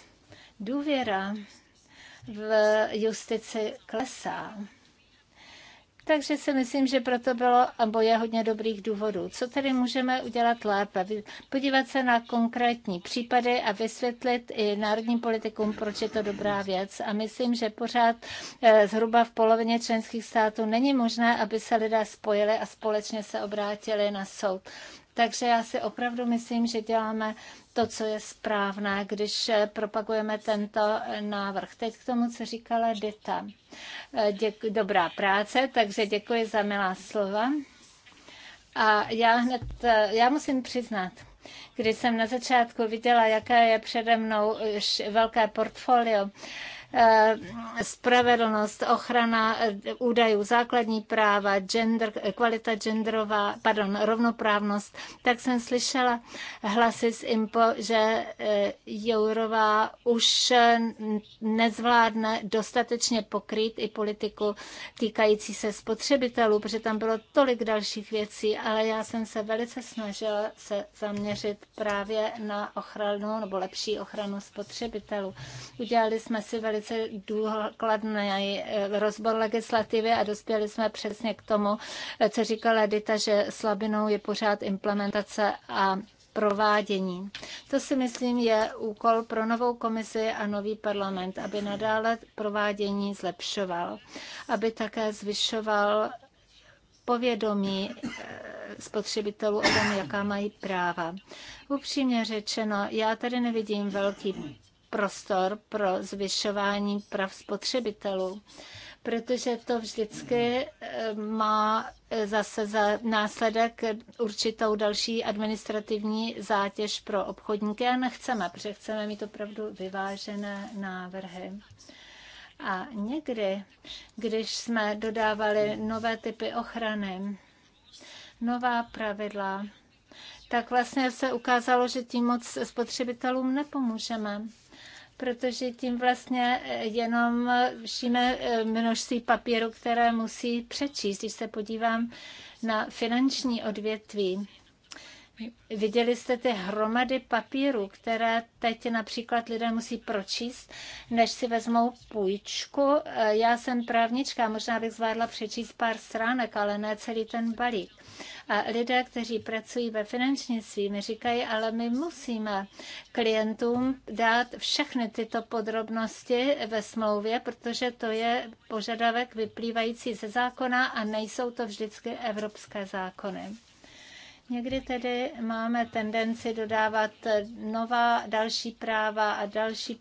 důvěra v justici klesá. Takže si myslím, že proto bylo oboje hodně dobrých důvodů. Co tedy můžeme udělat lépe? Podívat se na konkrétní případy a vysvětlit i národním politikům, proč je to dobrá věc. A myslím, že pořád eh, zhruba v polovině členských států není možné, aby se lidé spojili a společně se obrátili na soud. Takže já si opravdu myslím, že děláme to, co je správné, když propagujeme tento návrh. Teď k tomu, co říkala Dita. Děku, dobrá práce, takže děkuji za milá slova. A já hned, já musím přiznat, když jsem na začátku viděla, jaké je přede mnou velké portfolio, Eh, spravedlnost, ochrana eh, údajů, základní práva, gender, kvalita genderová, pardon, rovnoprávnost, tak jsem slyšela hlasy z IMPO, že eh, Jourová už nezvládne dostatečně pokrýt i politiku týkající se spotřebitelů, protože tam bylo tolik dalších věcí, ale já jsem se velice snažila se zaměřit právě na ochranu nebo lepší ochranu spotřebitelů. Udělali jsme si velice velice důkladný eh, rozbor legislativy a dospěli jsme přesně k tomu, eh, co říkala Edita, že slabinou je pořád implementace a provádění. To si myslím je úkol pro novou komisi a nový parlament, aby nadále provádění zlepšoval, aby také zvyšoval povědomí eh, spotřebitelů o tom, jaká mají práva. Upřímně řečeno, já tady nevidím velký prostor pro zvyšování prav spotřebitelů, protože to vždycky eh, má eh, zase za následek určitou další administrativní zátěž pro obchodníky a nechceme, protože chceme mít opravdu vyvážené návrhy. A někdy, když jsme dodávali nové typy ochrany, nová pravidla, tak vlastně se ukázalo, že tím moc spotřebitelům nepomůžeme protože tím vlastně eh, jenom eh, všíme eh, množství papíru, které musí přečíst. Když se podívám na finanční odvětví, Viděli jste ty hromady papíru, které teď například lidé musí pročíst, než si vezmou půjčku. E, já jsem právnička, možná bych zvládla přečíst pár stránek, ale ne celý ten balík. A lidé, kteří pracují ve finančnictví, mi říkají, ale my musíme klientům dát všechny tyto podrobnosti ve smlouvě, protože to je požadavek vyplývající ze zákona a nejsou to vždycky evropské zákony. Někdy tedy máme tendenci dodávat nová další práva a další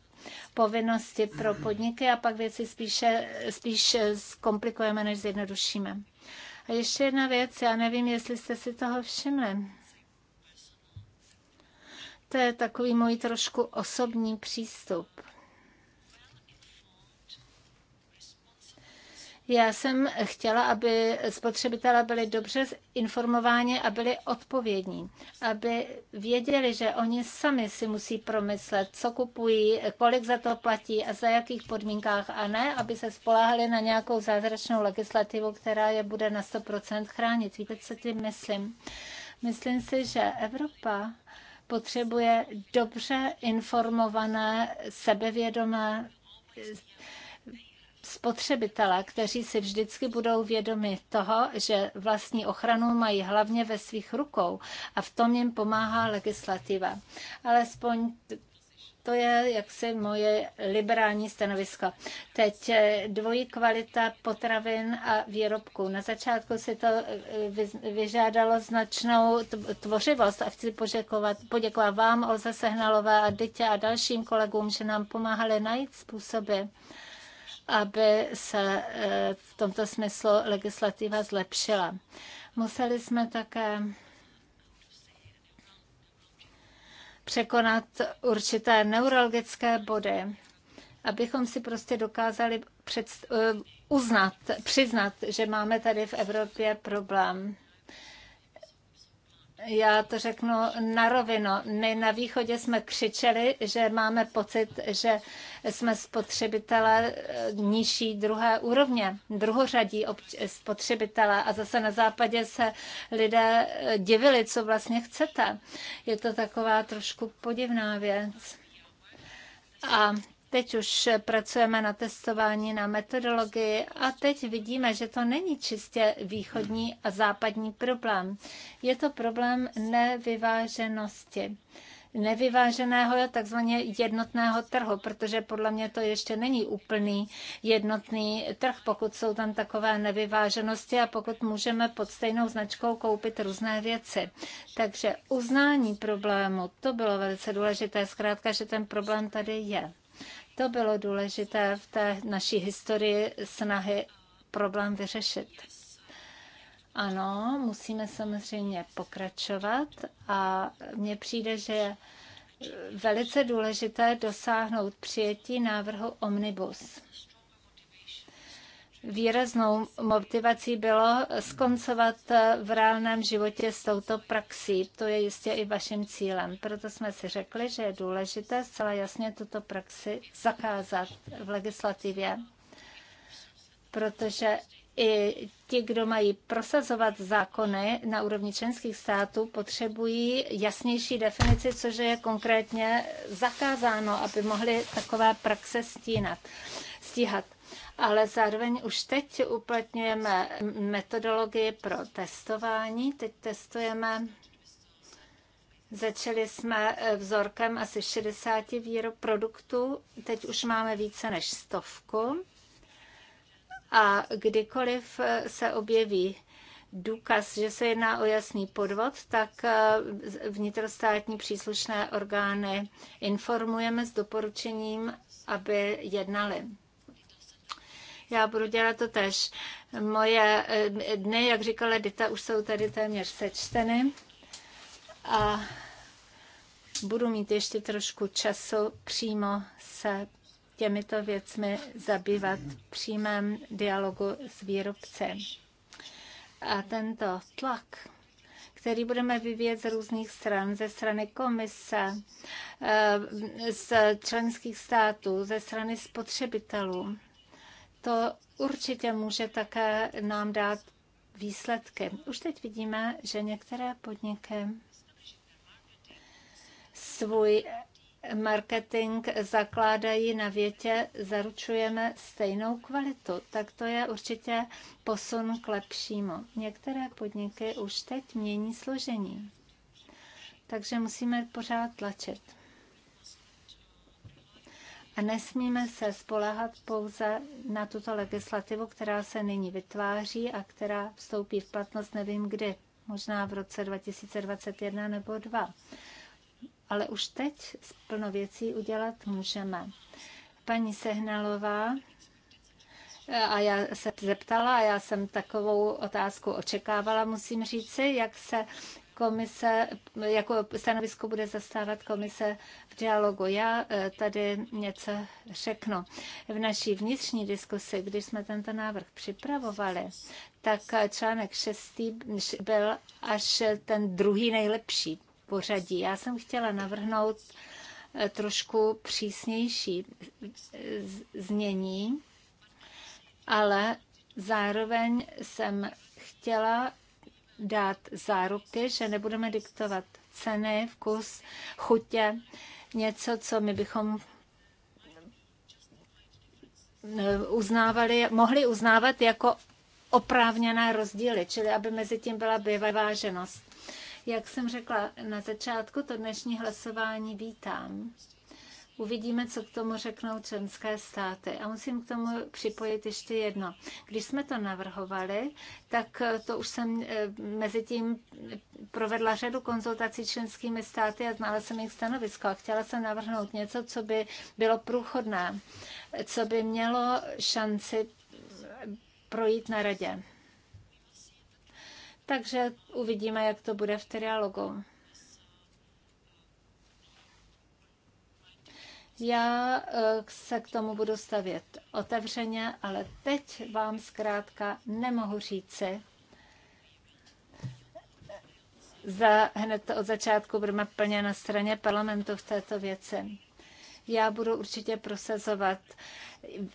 povinnosti pro podniky a pak věci spíše, spíš zkomplikujeme, než zjednodušíme. A ještě jedna věc, já nevím, jestli jste si toho všimli. To je takový můj trošku osobní přístup. Já jsem chtěla, aby spotřebitelé byli dobře informováni a byli odpovědní, aby věděli, že oni sami si musí promyslet, co kupují, kolik za to platí a za jakých podmínkách a ne, aby se spoláhali na nějakou zázračnou legislativu, která je bude na 100% chránit. Víte, co tím myslím? Myslím si, že Evropa potřebuje dobře informované, sebevědomé spotřebitele, kteří si vždycky budou vědomi toho, že vlastní ochranu mají hlavně ve svých rukou a v tom jim pomáhá legislativa. Alespoň to je jaksi moje liberální stanovisko. Teď eh, dvojí kvalita potravin a výrobků. Na začátku si to eh, vyžádalo značnou tvořivost a chci poděkovat, poděkovat vám, Olze Sehnalové a Dytě a dalším kolegům, že nám pomáhali najít způsoby, aby se eh, v tomto smyslu legislativa zlepšila. Museli jsme také překonat určité neurologické body, abychom si prostě dokázali eh, uznat, přiznat, že máme tady v Evropě problém já to řeknu na rovinu. My na východě jsme křičeli, že máme pocit, že jsme spotřebitelé eh, nižší druhé úrovně, druhořadí spotřebitelé. a zase na západě se lidé eh, divili, co vlastně chcete. Je to taková trošku podivná věc. A Teď už pracujeme na testování, na metodologii a teď vidíme, že to není čistě východní a západní problém. Je to problém nevyváženosti nevyváženého takzvaně jednotného trhu, protože podle mě to ještě není úplný jednotný trh, pokud jsou tam takové nevyváženosti a pokud můžeme pod stejnou značkou koupit různé věci. Takže uznání problému, to bylo velice důležité, zkrátka, že ten problém tady je. To bylo důležité v té naší historii snahy problém vyřešit. Ano, musíme samozřejmě pokračovat a mně přijde, že je velice důležité dosáhnout přijetí návrhu Omnibus. Výraznou motivací bylo skoncovat v reálném životě s touto praxí. To je jistě i vaším cílem. Proto jsme si řekli, že je důležité zcela jasně tuto praxi zakázat v legislativě, protože i ti, kdo mají prosazovat zákony na úrovni členských států, potřebují jasnější definici, což je konkrétně zakázáno, aby mohli takové praxe stínat, stíhat ale zároveň už teď uplatňujeme metodologii pro testování. Teď testujeme Začali jsme eh, vzorkem asi 60 výrob produktů, teď už máme více než stovku. A kdykoliv eh, se objeví důkaz, že se jedná o jasný podvod, tak eh, vnitrostátní příslušné orgány informujeme s doporučením, aby jednali. Já budu dělat to tež. Moje eh, dny, jak říkala Dita, už jsou tady téměř sečteny a budu mít ještě trošku času přímo se těmito věcmi zabývat v přímém dialogu s výrobci. A tento tlak, který budeme vyvíjet z různých stran, ze strany komise, eh, z členských států, ze strany spotřebitelů, to určitě může také nám dát výsledky. Už teď vidíme, že některé podniky svůj marketing zakládají na větě zaručujeme stejnou kvalitu, tak to je určitě posun k lepšímu. Některé podniky už teď mění složení, takže musíme pořád tlačit. A nesmíme se spolehat pouze na tuto legislativu, která se nyní vytváří a která vstoupí v platnost nevím kdy, možná v roce 2021 nebo 2. Ale už teď plno věcí udělat můžeme. Paní Sehnalová a já se zeptala, a já jsem takovou otázku očekávala, musím říci, jak se komise, jako stanovisko bude zastávat komise v dialogu. Já eh, tady něco řeknu. V naší vnitřní diskusi, když jsme tento návrh připravovali, tak článek 6. byl až ten druhý nejlepší pořadí. Já jsem chtěla navrhnout eh, trošku přísnější eh, znění, ale zároveň jsem chtěla dát záruky, že nebudeme diktovat ceny, vkus, chutě, něco, co my bychom eh, uznávali, mohli uznávat jako oprávněné rozdíly, čili aby mezi tím byla vyváženost. Jak jsem řekla na začátku, to dnešní hlasování vítám Uvidíme, co k tomu řeknou členské státy. A musím k tomu připojit ještě jedno. Když jsme to navrhovali, tak to už jsem eh, mezi tím provedla řadu konzultací členskými státy a znala jsem jejich stanovisko a chtěla jsem navrhnout něco, co by bylo průchodné, co by mělo šanci projít na radě. Takže uvidíme, jak to bude v trialogu. Já eh, se k tomu budu stavět otevřeně, ale teď vám zkrátka nemohu říci, za, hned od začátku budeme plně na straně parlamentu v této věci. Já budu určitě prosazovat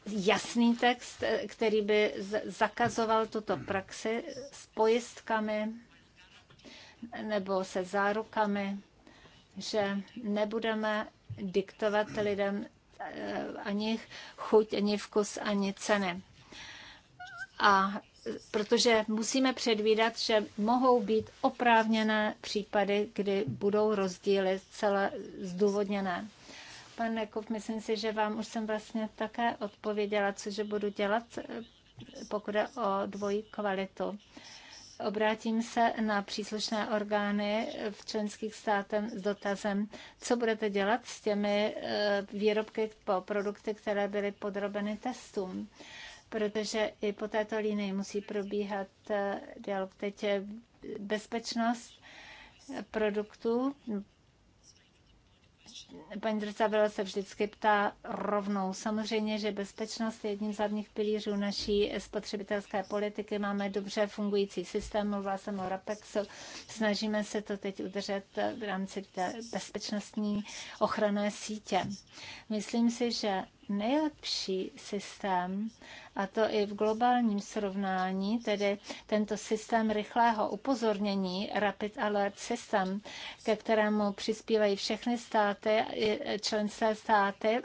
jasný text, eh, který by zakazoval tuto praxi s pojistkami nebo se zárukami že nebudeme diktovat lidem eh, ani chuť, ani vkus, ani ceny. A protože musíme předvídat, že mohou být oprávněné případy, kdy budou rozdíly celé zdůvodněné. Pan Kup, myslím si, že vám už jsem vlastně také odpověděla, cože budu dělat, eh, pokud je o dvojí kvalitu. Obrátím se na příslušné orgány v členských státech s dotazem, co budete dělat s těmi eh, výrobky po produkty, které byly podrobeny testům protože i po této línii musí probíhat eh, dialog. Teď je bezpečnost produktů, paní Drcavila se vždycky ptá rovnou. Samozřejmě, že bezpečnost je jedním z hlavních pilířů naší spotřebitelské politiky. Máme dobře fungující systém, mluvila jsem o RAPEXu. Snažíme se to teď udržet v rámci té bezpečnostní ochranné sítě. Myslím si, že nejlepší systém, a to i v globálním srovnání, tedy tento systém rychlého upozornění, Rapid Alert System, ke kterému přispívají všechny státy, členské státy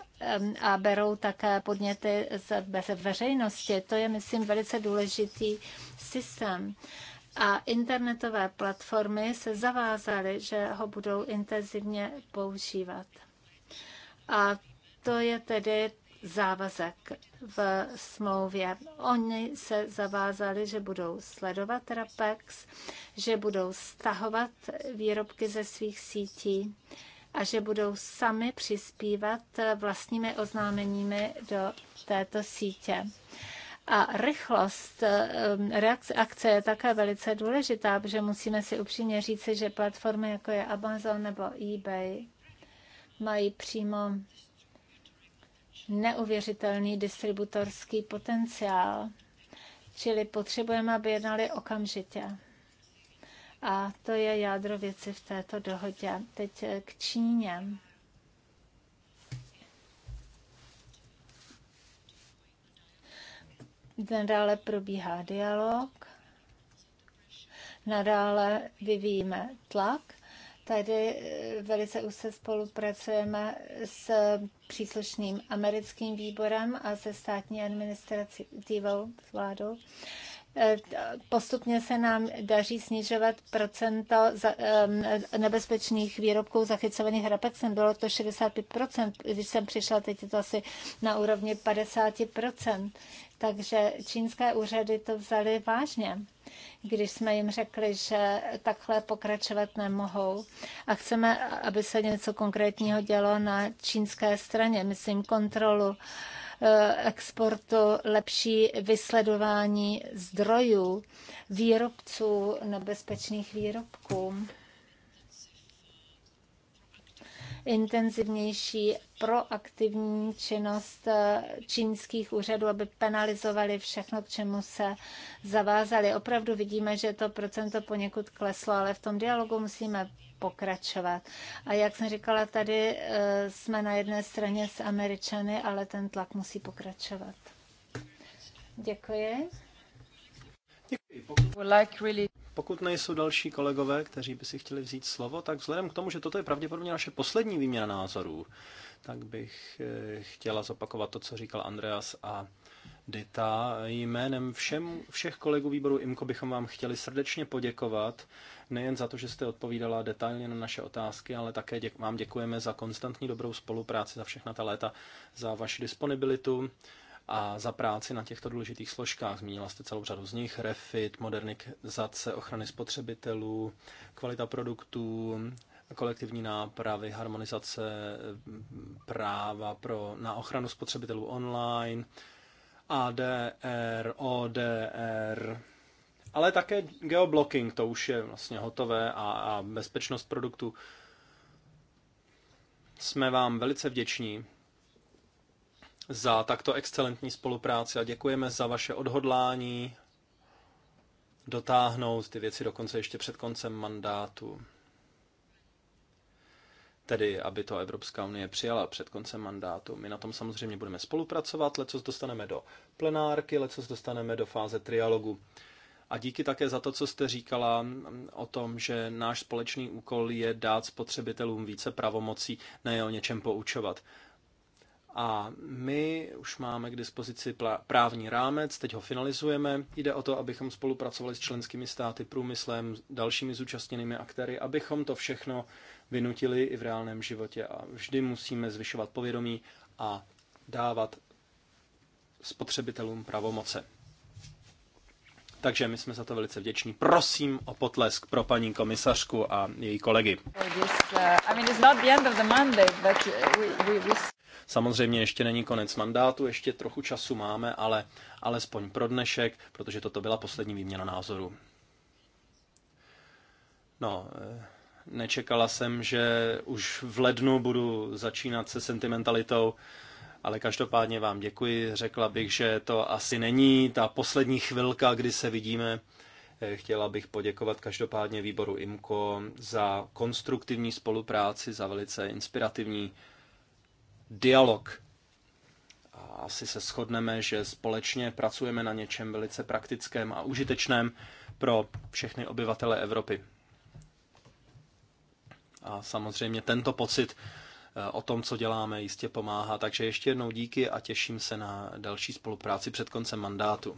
a berou také podněty z veřejnosti. To je, myslím, velice důležitý systém a internetové platformy se zavázaly, že ho budou intenzivně používat. A to je tedy závazek v smlouvě. Oni se zavázali, že budou sledovat RAPEX, že budou stahovat výrobky ze svých sítí a že budou sami přispívat vlastními oznámeními do této sítě. A rychlost ehm, reakce akce je také velice důležitá, protože musíme si upřímně říci, že platformy jako je Amazon nebo eBay mají přímo neuvěřitelný distributorský potenciál, čili potřebujeme, aby jednali okamžitě. A to je jádro věci v této dohodě. Teď eh, k Číně. Nadále probíhá dialog, nadále vyvíjíme tlak Tady eh, velice už se spolupracujeme s příslušným americkým výborem a se státní administrativou, s vládou. Eh, postupně se nám daří snižovat procento nebezpečných výrobků zachycovaných hrapexem. Bylo to 65%, když jsem přišla, teď je to asi na úrovni 50%. Takže čínské úřady to vzaly vážně když jsme jim řekli, že takhle pokračovat nemohou a chceme, aby se něco konkrétního dělo na čínské straně, myslím kontrolu eh, exportu, lepší vysledování zdrojů, výrobců nebezpečných výrobků. intenzivnější proaktivní činnost eh, čínských úřadů, aby penalizovali všechno, k čemu se zavázali. Opravdu vidíme, že to procento poněkud kleslo, ale v tom dialogu musíme pokračovat. A jak jsem říkala, tady eh, jsme na jedné straně s Američany, ale ten tlak musí pokračovat. Děkuji. Děkuji. Pokud nejsou další kolegové, kteří by si chtěli vzít slovo, tak vzhledem k tomu, že toto je pravděpodobně naše poslední výměna názorů, tak bych eh, chtěla zopakovat to, co říkal Andreas a Dita. Jménem všem, všech kolegů výboru IMKO bychom vám chtěli srdečně poděkovat, nejen za to, že jste odpovídala detailně na naše otázky, ale také děk- vám děkujeme za konstantní dobrou spolupráci za všechna ta léta, za vaši disponibilitu a za práci na těchto důležitých složkách. Zmínila jste celou řadu z nich, refit, modernizace ochrany spotřebitelů, kvalita produktů, kolektivní nápravy, harmonizace mm, práva pro, na ochranu spotřebitelů online, ADR, ODR, ale také geoblocking, to už je vlastně hotové a, a bezpečnost produktu. Jsme vám velice vděční za takto excelentní spolupráci a děkujeme za vaše odhodlání dotáhnout ty věci dokonce ještě před koncem mandátu. Tedy, aby to Evropská unie přijala před koncem mandátu. My na tom samozřejmě budeme spolupracovat, lecos dostaneme do plenárky, lecos dostaneme do fáze trialogu. A díky také za to, co jste říkala o tom, že náš společný úkol je dát spotřebitelům více pravomocí, ne o něčem poučovat. A my už máme k dispozici právní rámec, teď ho finalizujeme. Jde o to, abychom spolupracovali s členskými státy, průmyslem, dalšími zúčastněnými aktéry, abychom to všechno vynutili i v reálném životě. A vždy musíme zvyšovat povědomí a dávat spotřebitelům pravomoce. Takže my jsme za to velice vděční. Prosím o potlesk pro paní komisařku a její kolegy. Samozřejmě ještě není konec mandátu, ještě trochu času máme, ale alespoň pro dnešek, protože toto byla poslední výměna názorů. No, eh, nečekala jsem, že už v lednu budu začínat se sentimentalitou, ale každopádně vám děkuji. Řekla bych, že to asi není ta poslední chvilka, kdy se vidíme. Eh, chtěla bych poděkovat každopádně výboru IMKO za konstruktivní spolupráci, za velice inspirativní dialog. A asi se shodneme, že společně pracujeme na něčem velice praktickém a užitečném pro všechny obyvatele Evropy. A samozřejmě tento pocit eh, o tom, co děláme, jistě pomáhá. Takže ještě jednou díky a těším se na další spolupráci před koncem mandátu.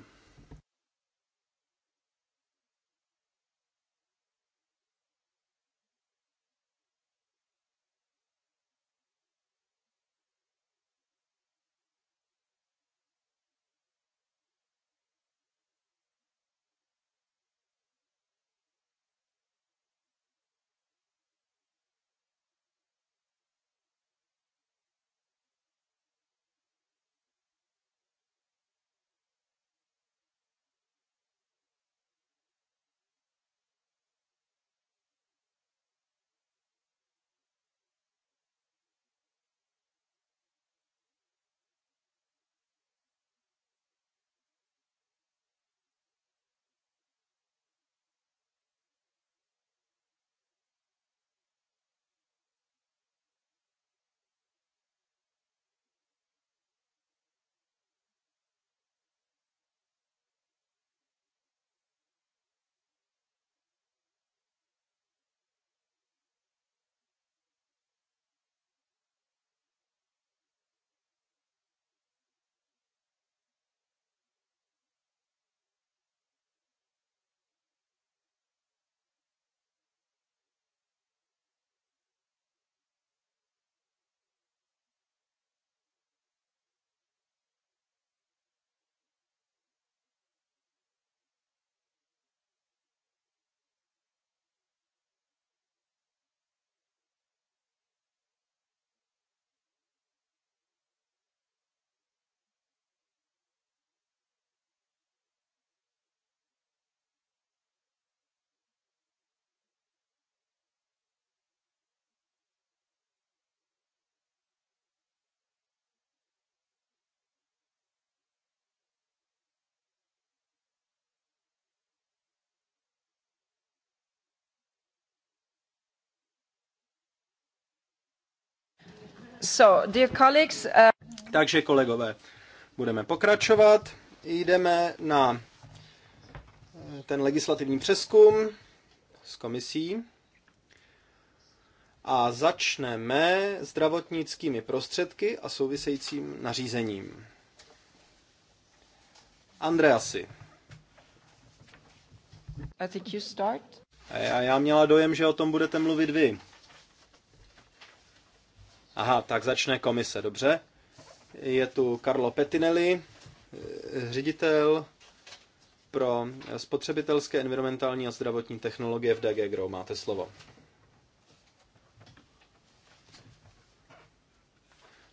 So, dear colleagues, uh... Takže kolegové, budeme pokračovat. Jdeme na eh, ten legislativní přeskum s komisí. A začneme zdravotnickými prostředky a souvisejícím nařízením. Andreasi. I think you start. A já, já měla dojem, že o tom budete mluvit vy. Aha, tak začne komise, dobře. Je tu Carlo Petinelli, eh, ředitel pro spotřebitelské, environmentální a zdravotní technologie v DG Grow. Máte slovo.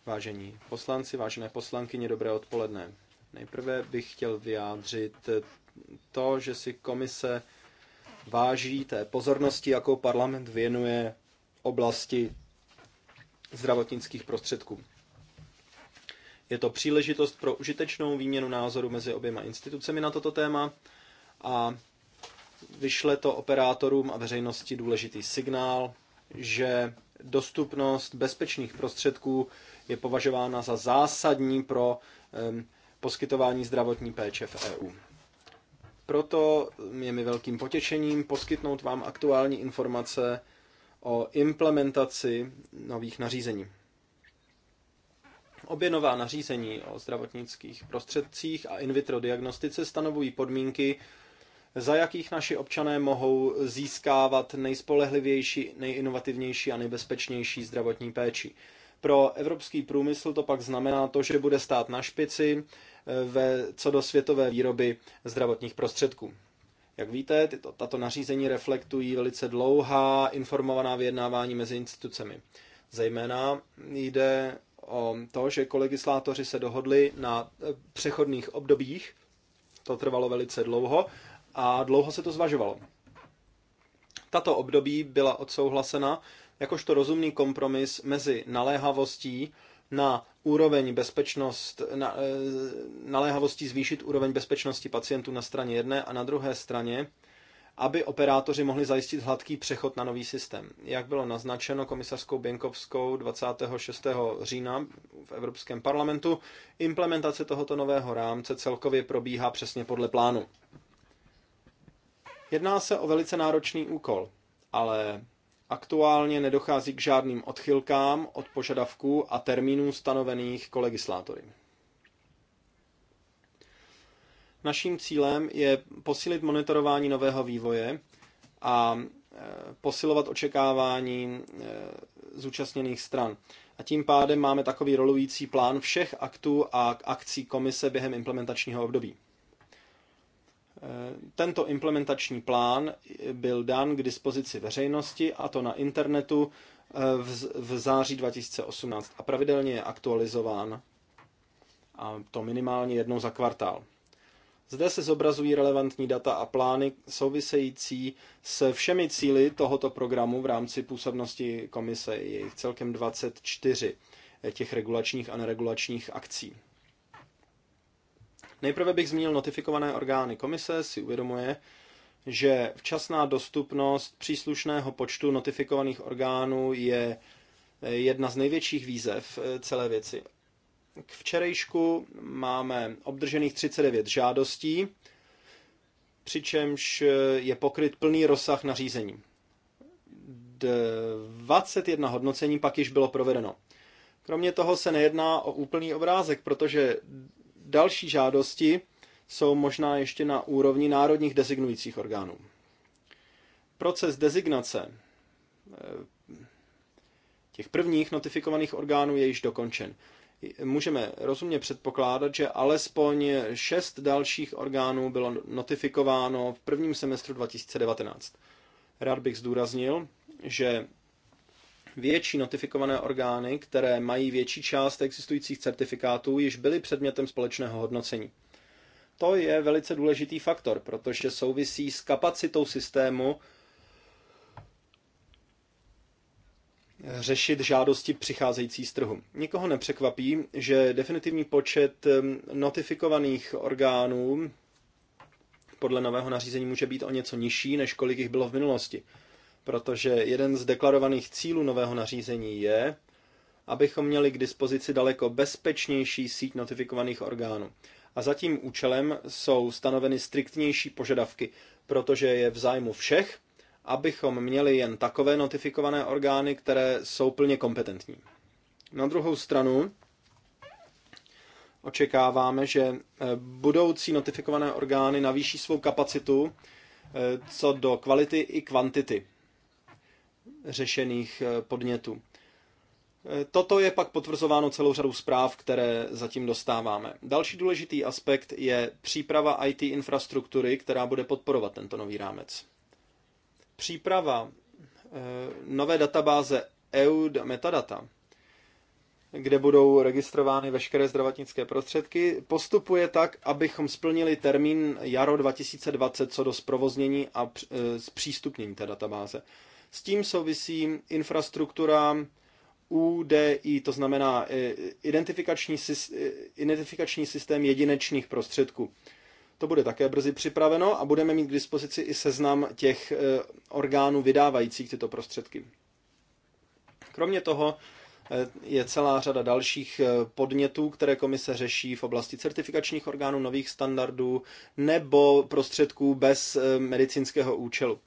Vážení poslanci, vážené poslankyně, dobré odpoledne. Nejprve bych chtěl vyjádřit to, že si komise váží té pozornosti, jakou parlament věnuje oblasti zdravotnických prostředků. Je to příležitost pro užitečnou výměnu názoru mezi oběma institucemi na toto téma a vyšle to operátorům a veřejnosti důležitý signál, že dostupnost bezpečných prostředků je považována za zásadní pro poskytování zdravotní péče v EU. Proto je mi velkým potěšením poskytnout vám aktuální informace o implementaci nových nařízení. Obě nová nařízení o zdravotnických prostředcích a in vitro diagnostice stanovují podmínky, za jakých naši občané mohou získávat nejspolehlivější, nejinovativnější a nejbezpečnější zdravotní péči. Pro evropský průmysl to pak znamená to, že bude stát na špici eh, ve, co do světové výroby zdravotních prostředků. Jak víte, tyto, tato nařízení reflektují velice dlouhá informovaná vyjednávání mezi institucemi. Zejména jde o to, že kolegislátoři se dohodli na eh, přechodných obdobích, to trvalo velice dlouho a dlouho se to zvažovalo. Tato období byla odsouhlasena jakožto rozumný kompromis mezi naléhavostí na úroveň bezpečnost, na, e, naléhavostí zvýšit úroveň bezpečnosti pacientů na straně jedné a na druhé straně, aby operátoři mohli zajistit hladký přechod na nový systém. Jak bylo naznačeno komisařskou Běnkovskou 26. října v Evropském parlamentu, implementace tohoto nového rámce celkově probíhá přesně podle plánu. Jedná se o velice náročný úkol, ale Aktuálně nedochází k žádným odchylkám od požadavků a termínů stanovených kolegislátory. Naším cílem je posílit monitorování nového vývoje a e, posilovat očekávání e, zúčastněných stran. A tím pádem máme takový rolující plán všech aktů a akcí komise během implementačního období. Eh, tento implementační plán byl dán k dispozici veřejnosti, a to na internetu eh, v, září 2018 a pravidelně je aktualizován, a to minimálně jednou za kvartál. Zde se zobrazují relevantní data a plány související se všemi cíly tohoto programu v rámci působnosti komise. jejich celkem 24 eh, těch regulačních a neregulačních akcí. Nejprve bych zmínil notifikované orgány. Komise si uvědomuje, že včasná dostupnost příslušného počtu notifikovaných orgánů je eh, jedna z největších výzev eh, celé věci. K včerejšku máme obdržených 39 žádostí, přičemž eh, je pokryt plný rozsah nařízení. 21 hodnocení pak již bylo provedeno. Kromě toho se nejedná o úplný obrázek, protože Další žádosti jsou možná ještě na úrovni národních designujících orgánů. Proces designace eh, těch prvních notifikovaných orgánů je již dokončen. Můžeme rozumně předpokládat, že alespoň šest dalších orgánů bylo notifikováno v prvním semestru 2019. Rád bych zdůraznil, že Větší notifikované orgány, které mají větší část existujících certifikátů, již byly předmětem společného hodnocení. To je velice důležitý faktor, protože souvisí s kapacitou systému řešit žádosti přicházející z trhu. Nikoho nepřekvapí, že definitivní počet notifikovaných orgánů podle nového nařízení může být o něco nižší, než kolik jich bylo v minulosti protože jeden z deklarovaných cílů nového nařízení je, abychom měli k dispozici daleko bezpečnější síť notifikovaných orgánů. A za tím účelem jsou stanoveny striktnější požadavky, protože je v zájmu všech, abychom měli jen takové notifikované orgány, které jsou plně kompetentní. Na druhou stranu očekáváme, že eh, budoucí notifikované orgány navýší svou kapacitu eh, co do kvality i kvantity řešených eh, podnětů. Eh, toto je pak potvrzováno celou řadou zpráv, které zatím dostáváme. Další důležitý aspekt je příprava IT infrastruktury, která bude podporovat tento nový rámec. Příprava eh, nové databáze EUD metadata, kde budou registrovány veškeré zdravotnické prostředky, postupuje tak, abychom splnili termín jaro 2020 co do zprovoznění a zpřístupnění té databáze. S tím souvisí infrastruktura UDI, to znamená e, identifikační, e, identifikační systém jedinečných prostředků. To bude také brzy připraveno a budeme mít k dispozici i seznam těch e, orgánů vydávajících tyto prostředky. Kromě toho je celá řada dalších podnětů, které komise řeší v oblasti certifikačních orgánů, nových standardů nebo prostředků bez medicínského účelu.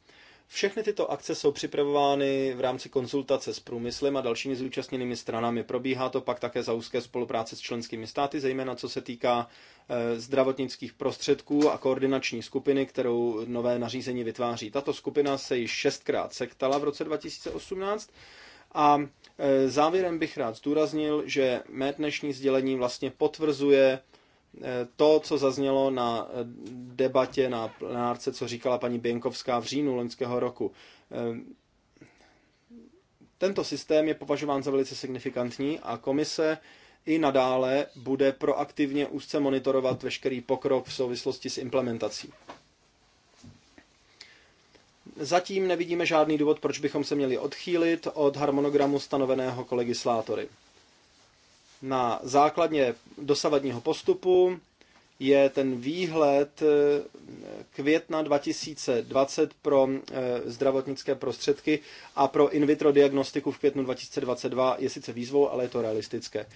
Všechny tyto akce jsou připravovány v rámci konzultace s průmyslem a dalšími zúčastněnými stranami. Probíhá to pak také za úzké spolupráce s členskými státy, zejména co se týká eh, zdravotnických prostředků a koordinační skupiny, kterou nové nařízení vytváří. Tato skupina se již šestkrát sektala v roce 2018 a eh, závěrem bych rád zdůraznil, že mé dnešní sdělení vlastně potvrzuje Eh, to, co zaznělo na eh, debatě na plenárce, co říkala paní Běnkovská v říjnu loňského roku. Eh, tento systém je považován za velice signifikantní a komise i nadále bude proaktivně úzce monitorovat veškerý pokrok v souvislosti s implementací. Zatím nevidíme žádný důvod, proč bychom se měli odchýlit od harmonogramu stanoveného kolegislátory. Na základně dosavadního postupu je ten výhled eh, května 2020 pro eh, zdravotnické prostředky a pro in vitro diagnostiku v květnu 2022 je sice výzvou, ale je to realistické.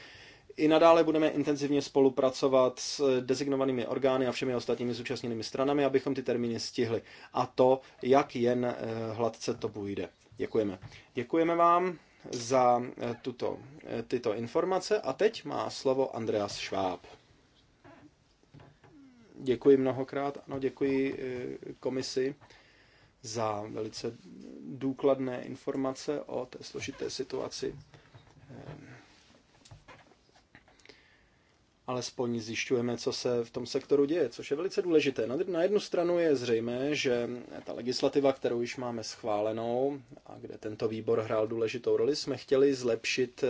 I nadále budeme intenzivně spolupracovat s designovanými orgány a všemi ostatními zúčastněnými stranami, abychom ty termíny stihli. A to, jak jen eh, hladce to půjde. Děkujeme. Děkujeme vám za eh, tuto, eh, tyto informace a teď má slovo Andreas Schwab. Děkuji mnohokrát, ano, děkuji eh, komisi za velice důkladné informace o té složité situaci alespoň zjišťujeme, co se v tom sektoru děje, což je velice důležité. Na jednu stranu je zřejmé, že ta legislativa, kterou již máme schválenou a kde tento výbor hrál důležitou roli, jsme chtěli zlepšit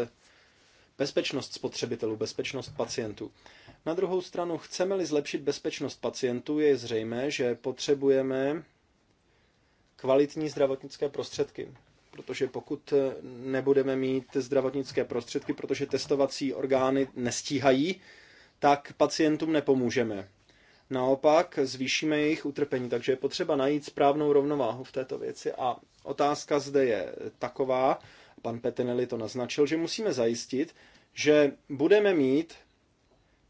bezpečnost spotřebitelů, bezpečnost pacientů. Na druhou stranu, chceme-li zlepšit bezpečnost pacientů, je zřejmé, že potřebujeme kvalitní zdravotnické prostředky. Protože pokud nebudeme mít zdravotnické prostředky, protože testovací orgány nestíhají, tak pacientům nepomůžeme. Naopak zvýšíme jejich utrpení, takže je potřeba najít správnou rovnováhu v této věci. A otázka zde je taková, pan Petinelli to naznačil, že musíme zajistit, že budeme mít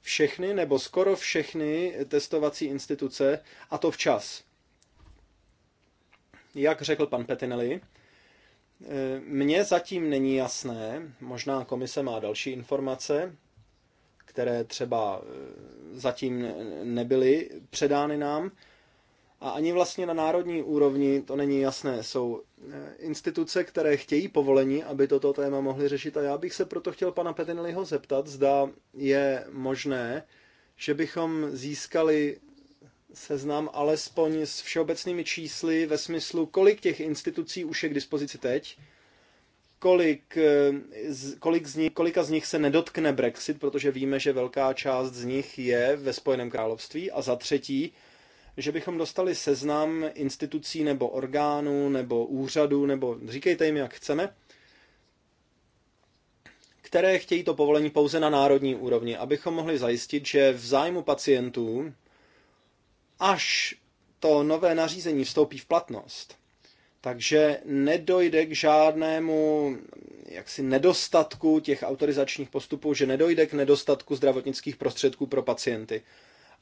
všechny nebo skoro všechny testovací instituce a to včas. Jak řekl pan Petinelli, eh, mně zatím není jasné, možná komise má další informace, které třeba eh, zatím nebyly předány nám. A ani vlastně na národní úrovni to není jasné. Jsou eh, instituce, které chtějí povolení, aby toto téma mohly řešit. A já bych se proto chtěl pana Petinliho zeptat, zda je možné, že bychom získali seznam alespoň s všeobecnými čísly ve smyslu, kolik těch institucí už je k dispozici teď, kolik, eh, kolik z nich, kolika z nich se nedotkne Brexit, protože víme, že velká část z nich je ve Spojeném království. A za třetí, že bychom dostali seznam institucí nebo orgánů nebo úřadů, nebo říkejte jim, jak chceme, které chtějí to povolení pouze na národní úrovni, abychom mohli zajistit, že v zájmu pacientů, až to nové nařízení vstoupí v platnost, takže nedojde k žádnému jaksi nedostatku těch autorizačních postupů, že nedojde k nedostatku zdravotnických prostředků pro pacienty.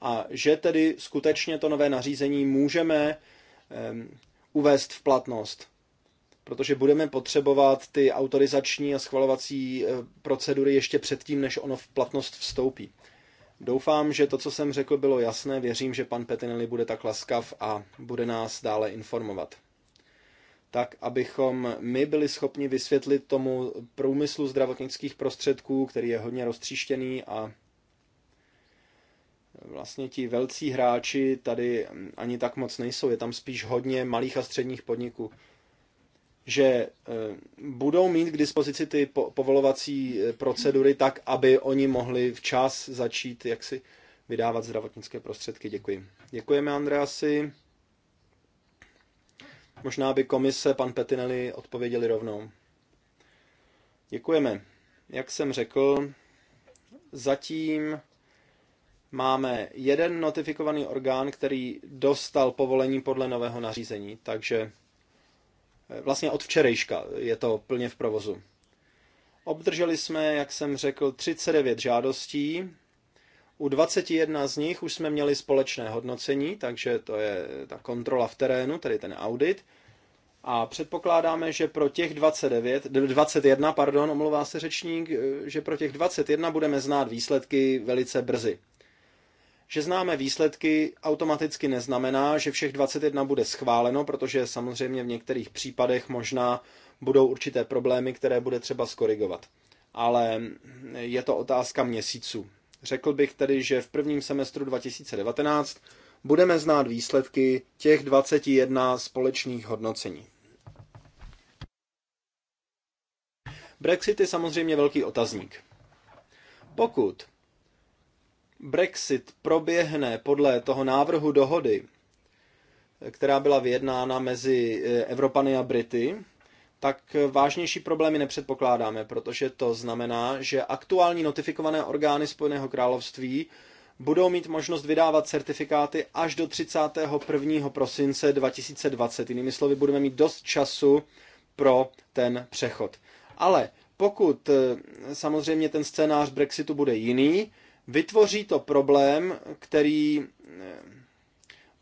A že tedy skutečně to nové nařízení můžeme um, uvést v platnost. Protože budeme potřebovat ty autorizační a schvalovací e, procedury ještě předtím, než ono v platnost vstoupí. Doufám, že to, co jsem řekl, bylo jasné. Věřím, že pan Petinelli bude tak laskav a bude nás dále informovat tak abychom my byli schopni vysvětlit tomu průmyslu zdravotnických prostředků, který je hodně roztříštěný a vlastně ti velcí hráči tady ani tak moc nejsou, je tam spíš hodně malých a středních podniků, že e, budou mít k dispozici ty povolovací e, procedury tak, aby oni mohli včas začít jaksi vydávat zdravotnické prostředky. Děkuji. Děkujeme, Andreasi. Možná by komise pan Petinelli odpověděli rovnou. Děkujeme. Jak jsem řekl, zatím máme jeden notifikovaný orgán, který dostal povolení podle nového nařízení, takže eh, vlastně od včerejška je to plně v provozu. Obdrželi jsme, jak jsem řekl, 39 žádostí u 21 z nich už jsme měli společné hodnocení, takže to je ta kontrola v terénu, tedy ten audit. A předpokládáme, že pro těch 29, 21, pardon, omlouvá se řečník, eh, že pro těch 21 budeme znát výsledky velice brzy. Že známe výsledky automaticky neznamená, že všech 21 bude schváleno, protože samozřejmě v některých případech možná budou určité problémy, které bude třeba skorigovat. Ale je to otázka měsíců. Řekl bych tedy, že v prvním semestru 2019 budeme znát výsledky těch 21 společných hodnocení. Brexit je samozřejmě velký otazník. Pokud Brexit proběhne podle toho návrhu dohody, která byla vyjednána mezi eh, Evropany a Brity, tak vážnější problémy nepředpokládáme, protože to znamená, že aktuální notifikované orgány Spojeného království budou mít možnost vydávat certifikáty až do 31. prosince 2020. Jinými slovy, budeme mít dost času pro ten přechod. Ale pokud eh, samozřejmě ten scénář Brexitu bude jiný, vytvoří to problém, který eh,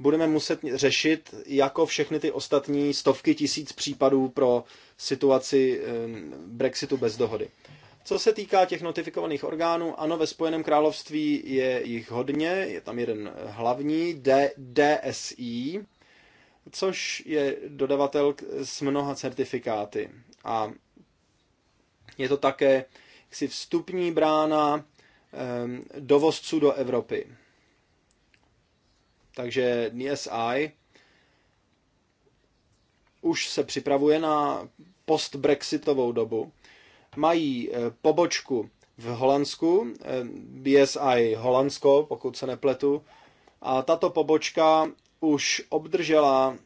budeme muset řešit jako všechny ty ostatní stovky tisíc případů pro situaci Brexitu bez dohody. Co se týká těch notifikovaných orgánů, ano, ve Spojeném království je jich hodně, je tam jeden hlavní, D, DSI, což je dodavatel s mnoha certifikáty. A je to také jaksi vstupní brána dovozců do Evropy. Takže DSI e už se připravuje na post-Brexitovou dobu. Mají eh, pobočku v Holandsku, eh, BSI Holandsko, pokud se nepletu, a tato pobočka už obdržela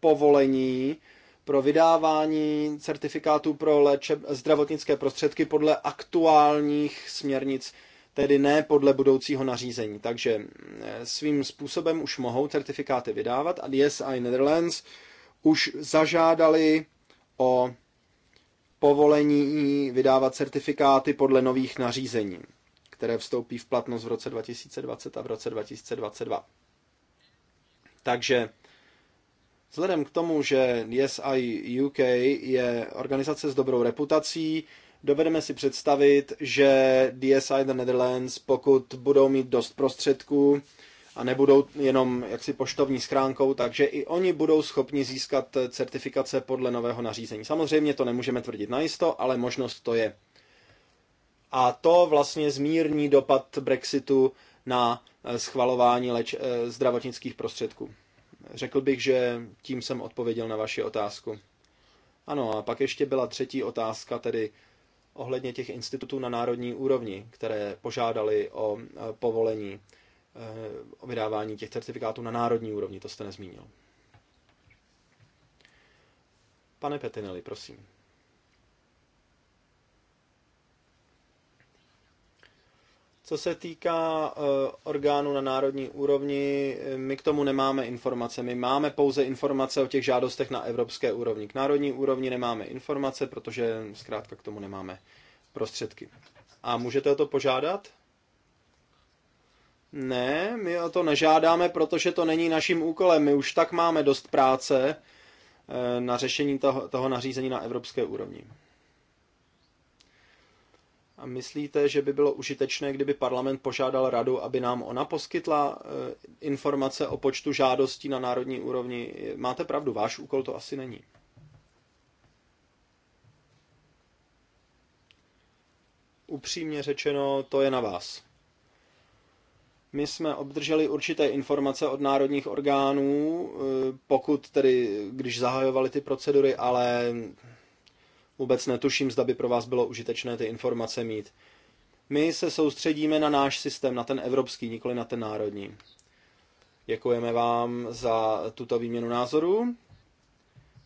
povolení pro vydávání certifikátů pro léčeb, zdravotnické prostředky podle aktuálních směrnic tedy ne podle budoucího nařízení. Takže eh, svým způsobem už mohou certifikáty vydávat a DSI Netherlands už zažádali o povolení vydávat certifikáty podle nových nařízení, které vstoupí v platnost v roce 2020 a v roce 2022. Takže vzhledem k tomu, že DSI UK je organizace s dobrou reputací, Dovedeme si představit, že DSI The Netherlands, pokud budou mít dost prostředků a nebudou jenom jaksi poštovní schránkou, takže i oni budou schopni získat certifikace podle nového nařízení. Samozřejmě to nemůžeme tvrdit najisto, ale možnost to je. A to vlastně zmírní dopad Brexitu na eh, schvalování leč- eh, zdravotnických prostředků. Řekl bych, že tím jsem odpověděl na vaši otázku. Ano, a pak ještě byla třetí otázka, tedy ohledně těch institutů na národní úrovni, které požádali o e, povolení e, o vydávání těch certifikátů na národní úrovni, to jste nezmínil. Pane Petinelli, prosím. Co se týká eh, orgánů na národní úrovni, eh, my k tomu nemáme informace. My máme pouze informace o těch žádostech na evropské úrovni. K národní úrovni nemáme informace, protože zkrátka k tomu nemáme prostředky. A můžete o to požádat? Ne, my o to nežádáme, protože to není naším úkolem. My už tak máme dost práce eh, na řešení toho, toho nařízení na evropské úrovni. A myslíte, že by bylo užitečné, kdyby parlament požádal radu, aby nám ona poskytla eh, informace o počtu žádostí na národní úrovni? Máte pravdu, váš úkol to asi není. Upřímně řečeno, to je na vás. My jsme obdrželi určité informace od národních orgánů, eh, pokud tedy, když zahajovali ty procedury, ale Vůbec netuším, zda by pro vás bylo užitečné ty informace mít. My se soustředíme na náš systém, na ten evropský, nikoli na ten národní. Děkujeme vám za tuto výměnu názorů.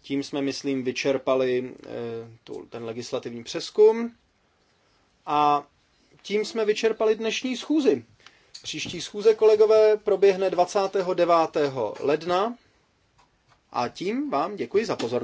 Tím jsme, myslím, vyčerpali eh, ten legislativní přeskum a tím jsme vyčerpali dnešní schůzi. Příští schůze, kolegové, proběhne 29. ledna a tím vám děkuji za pozornost.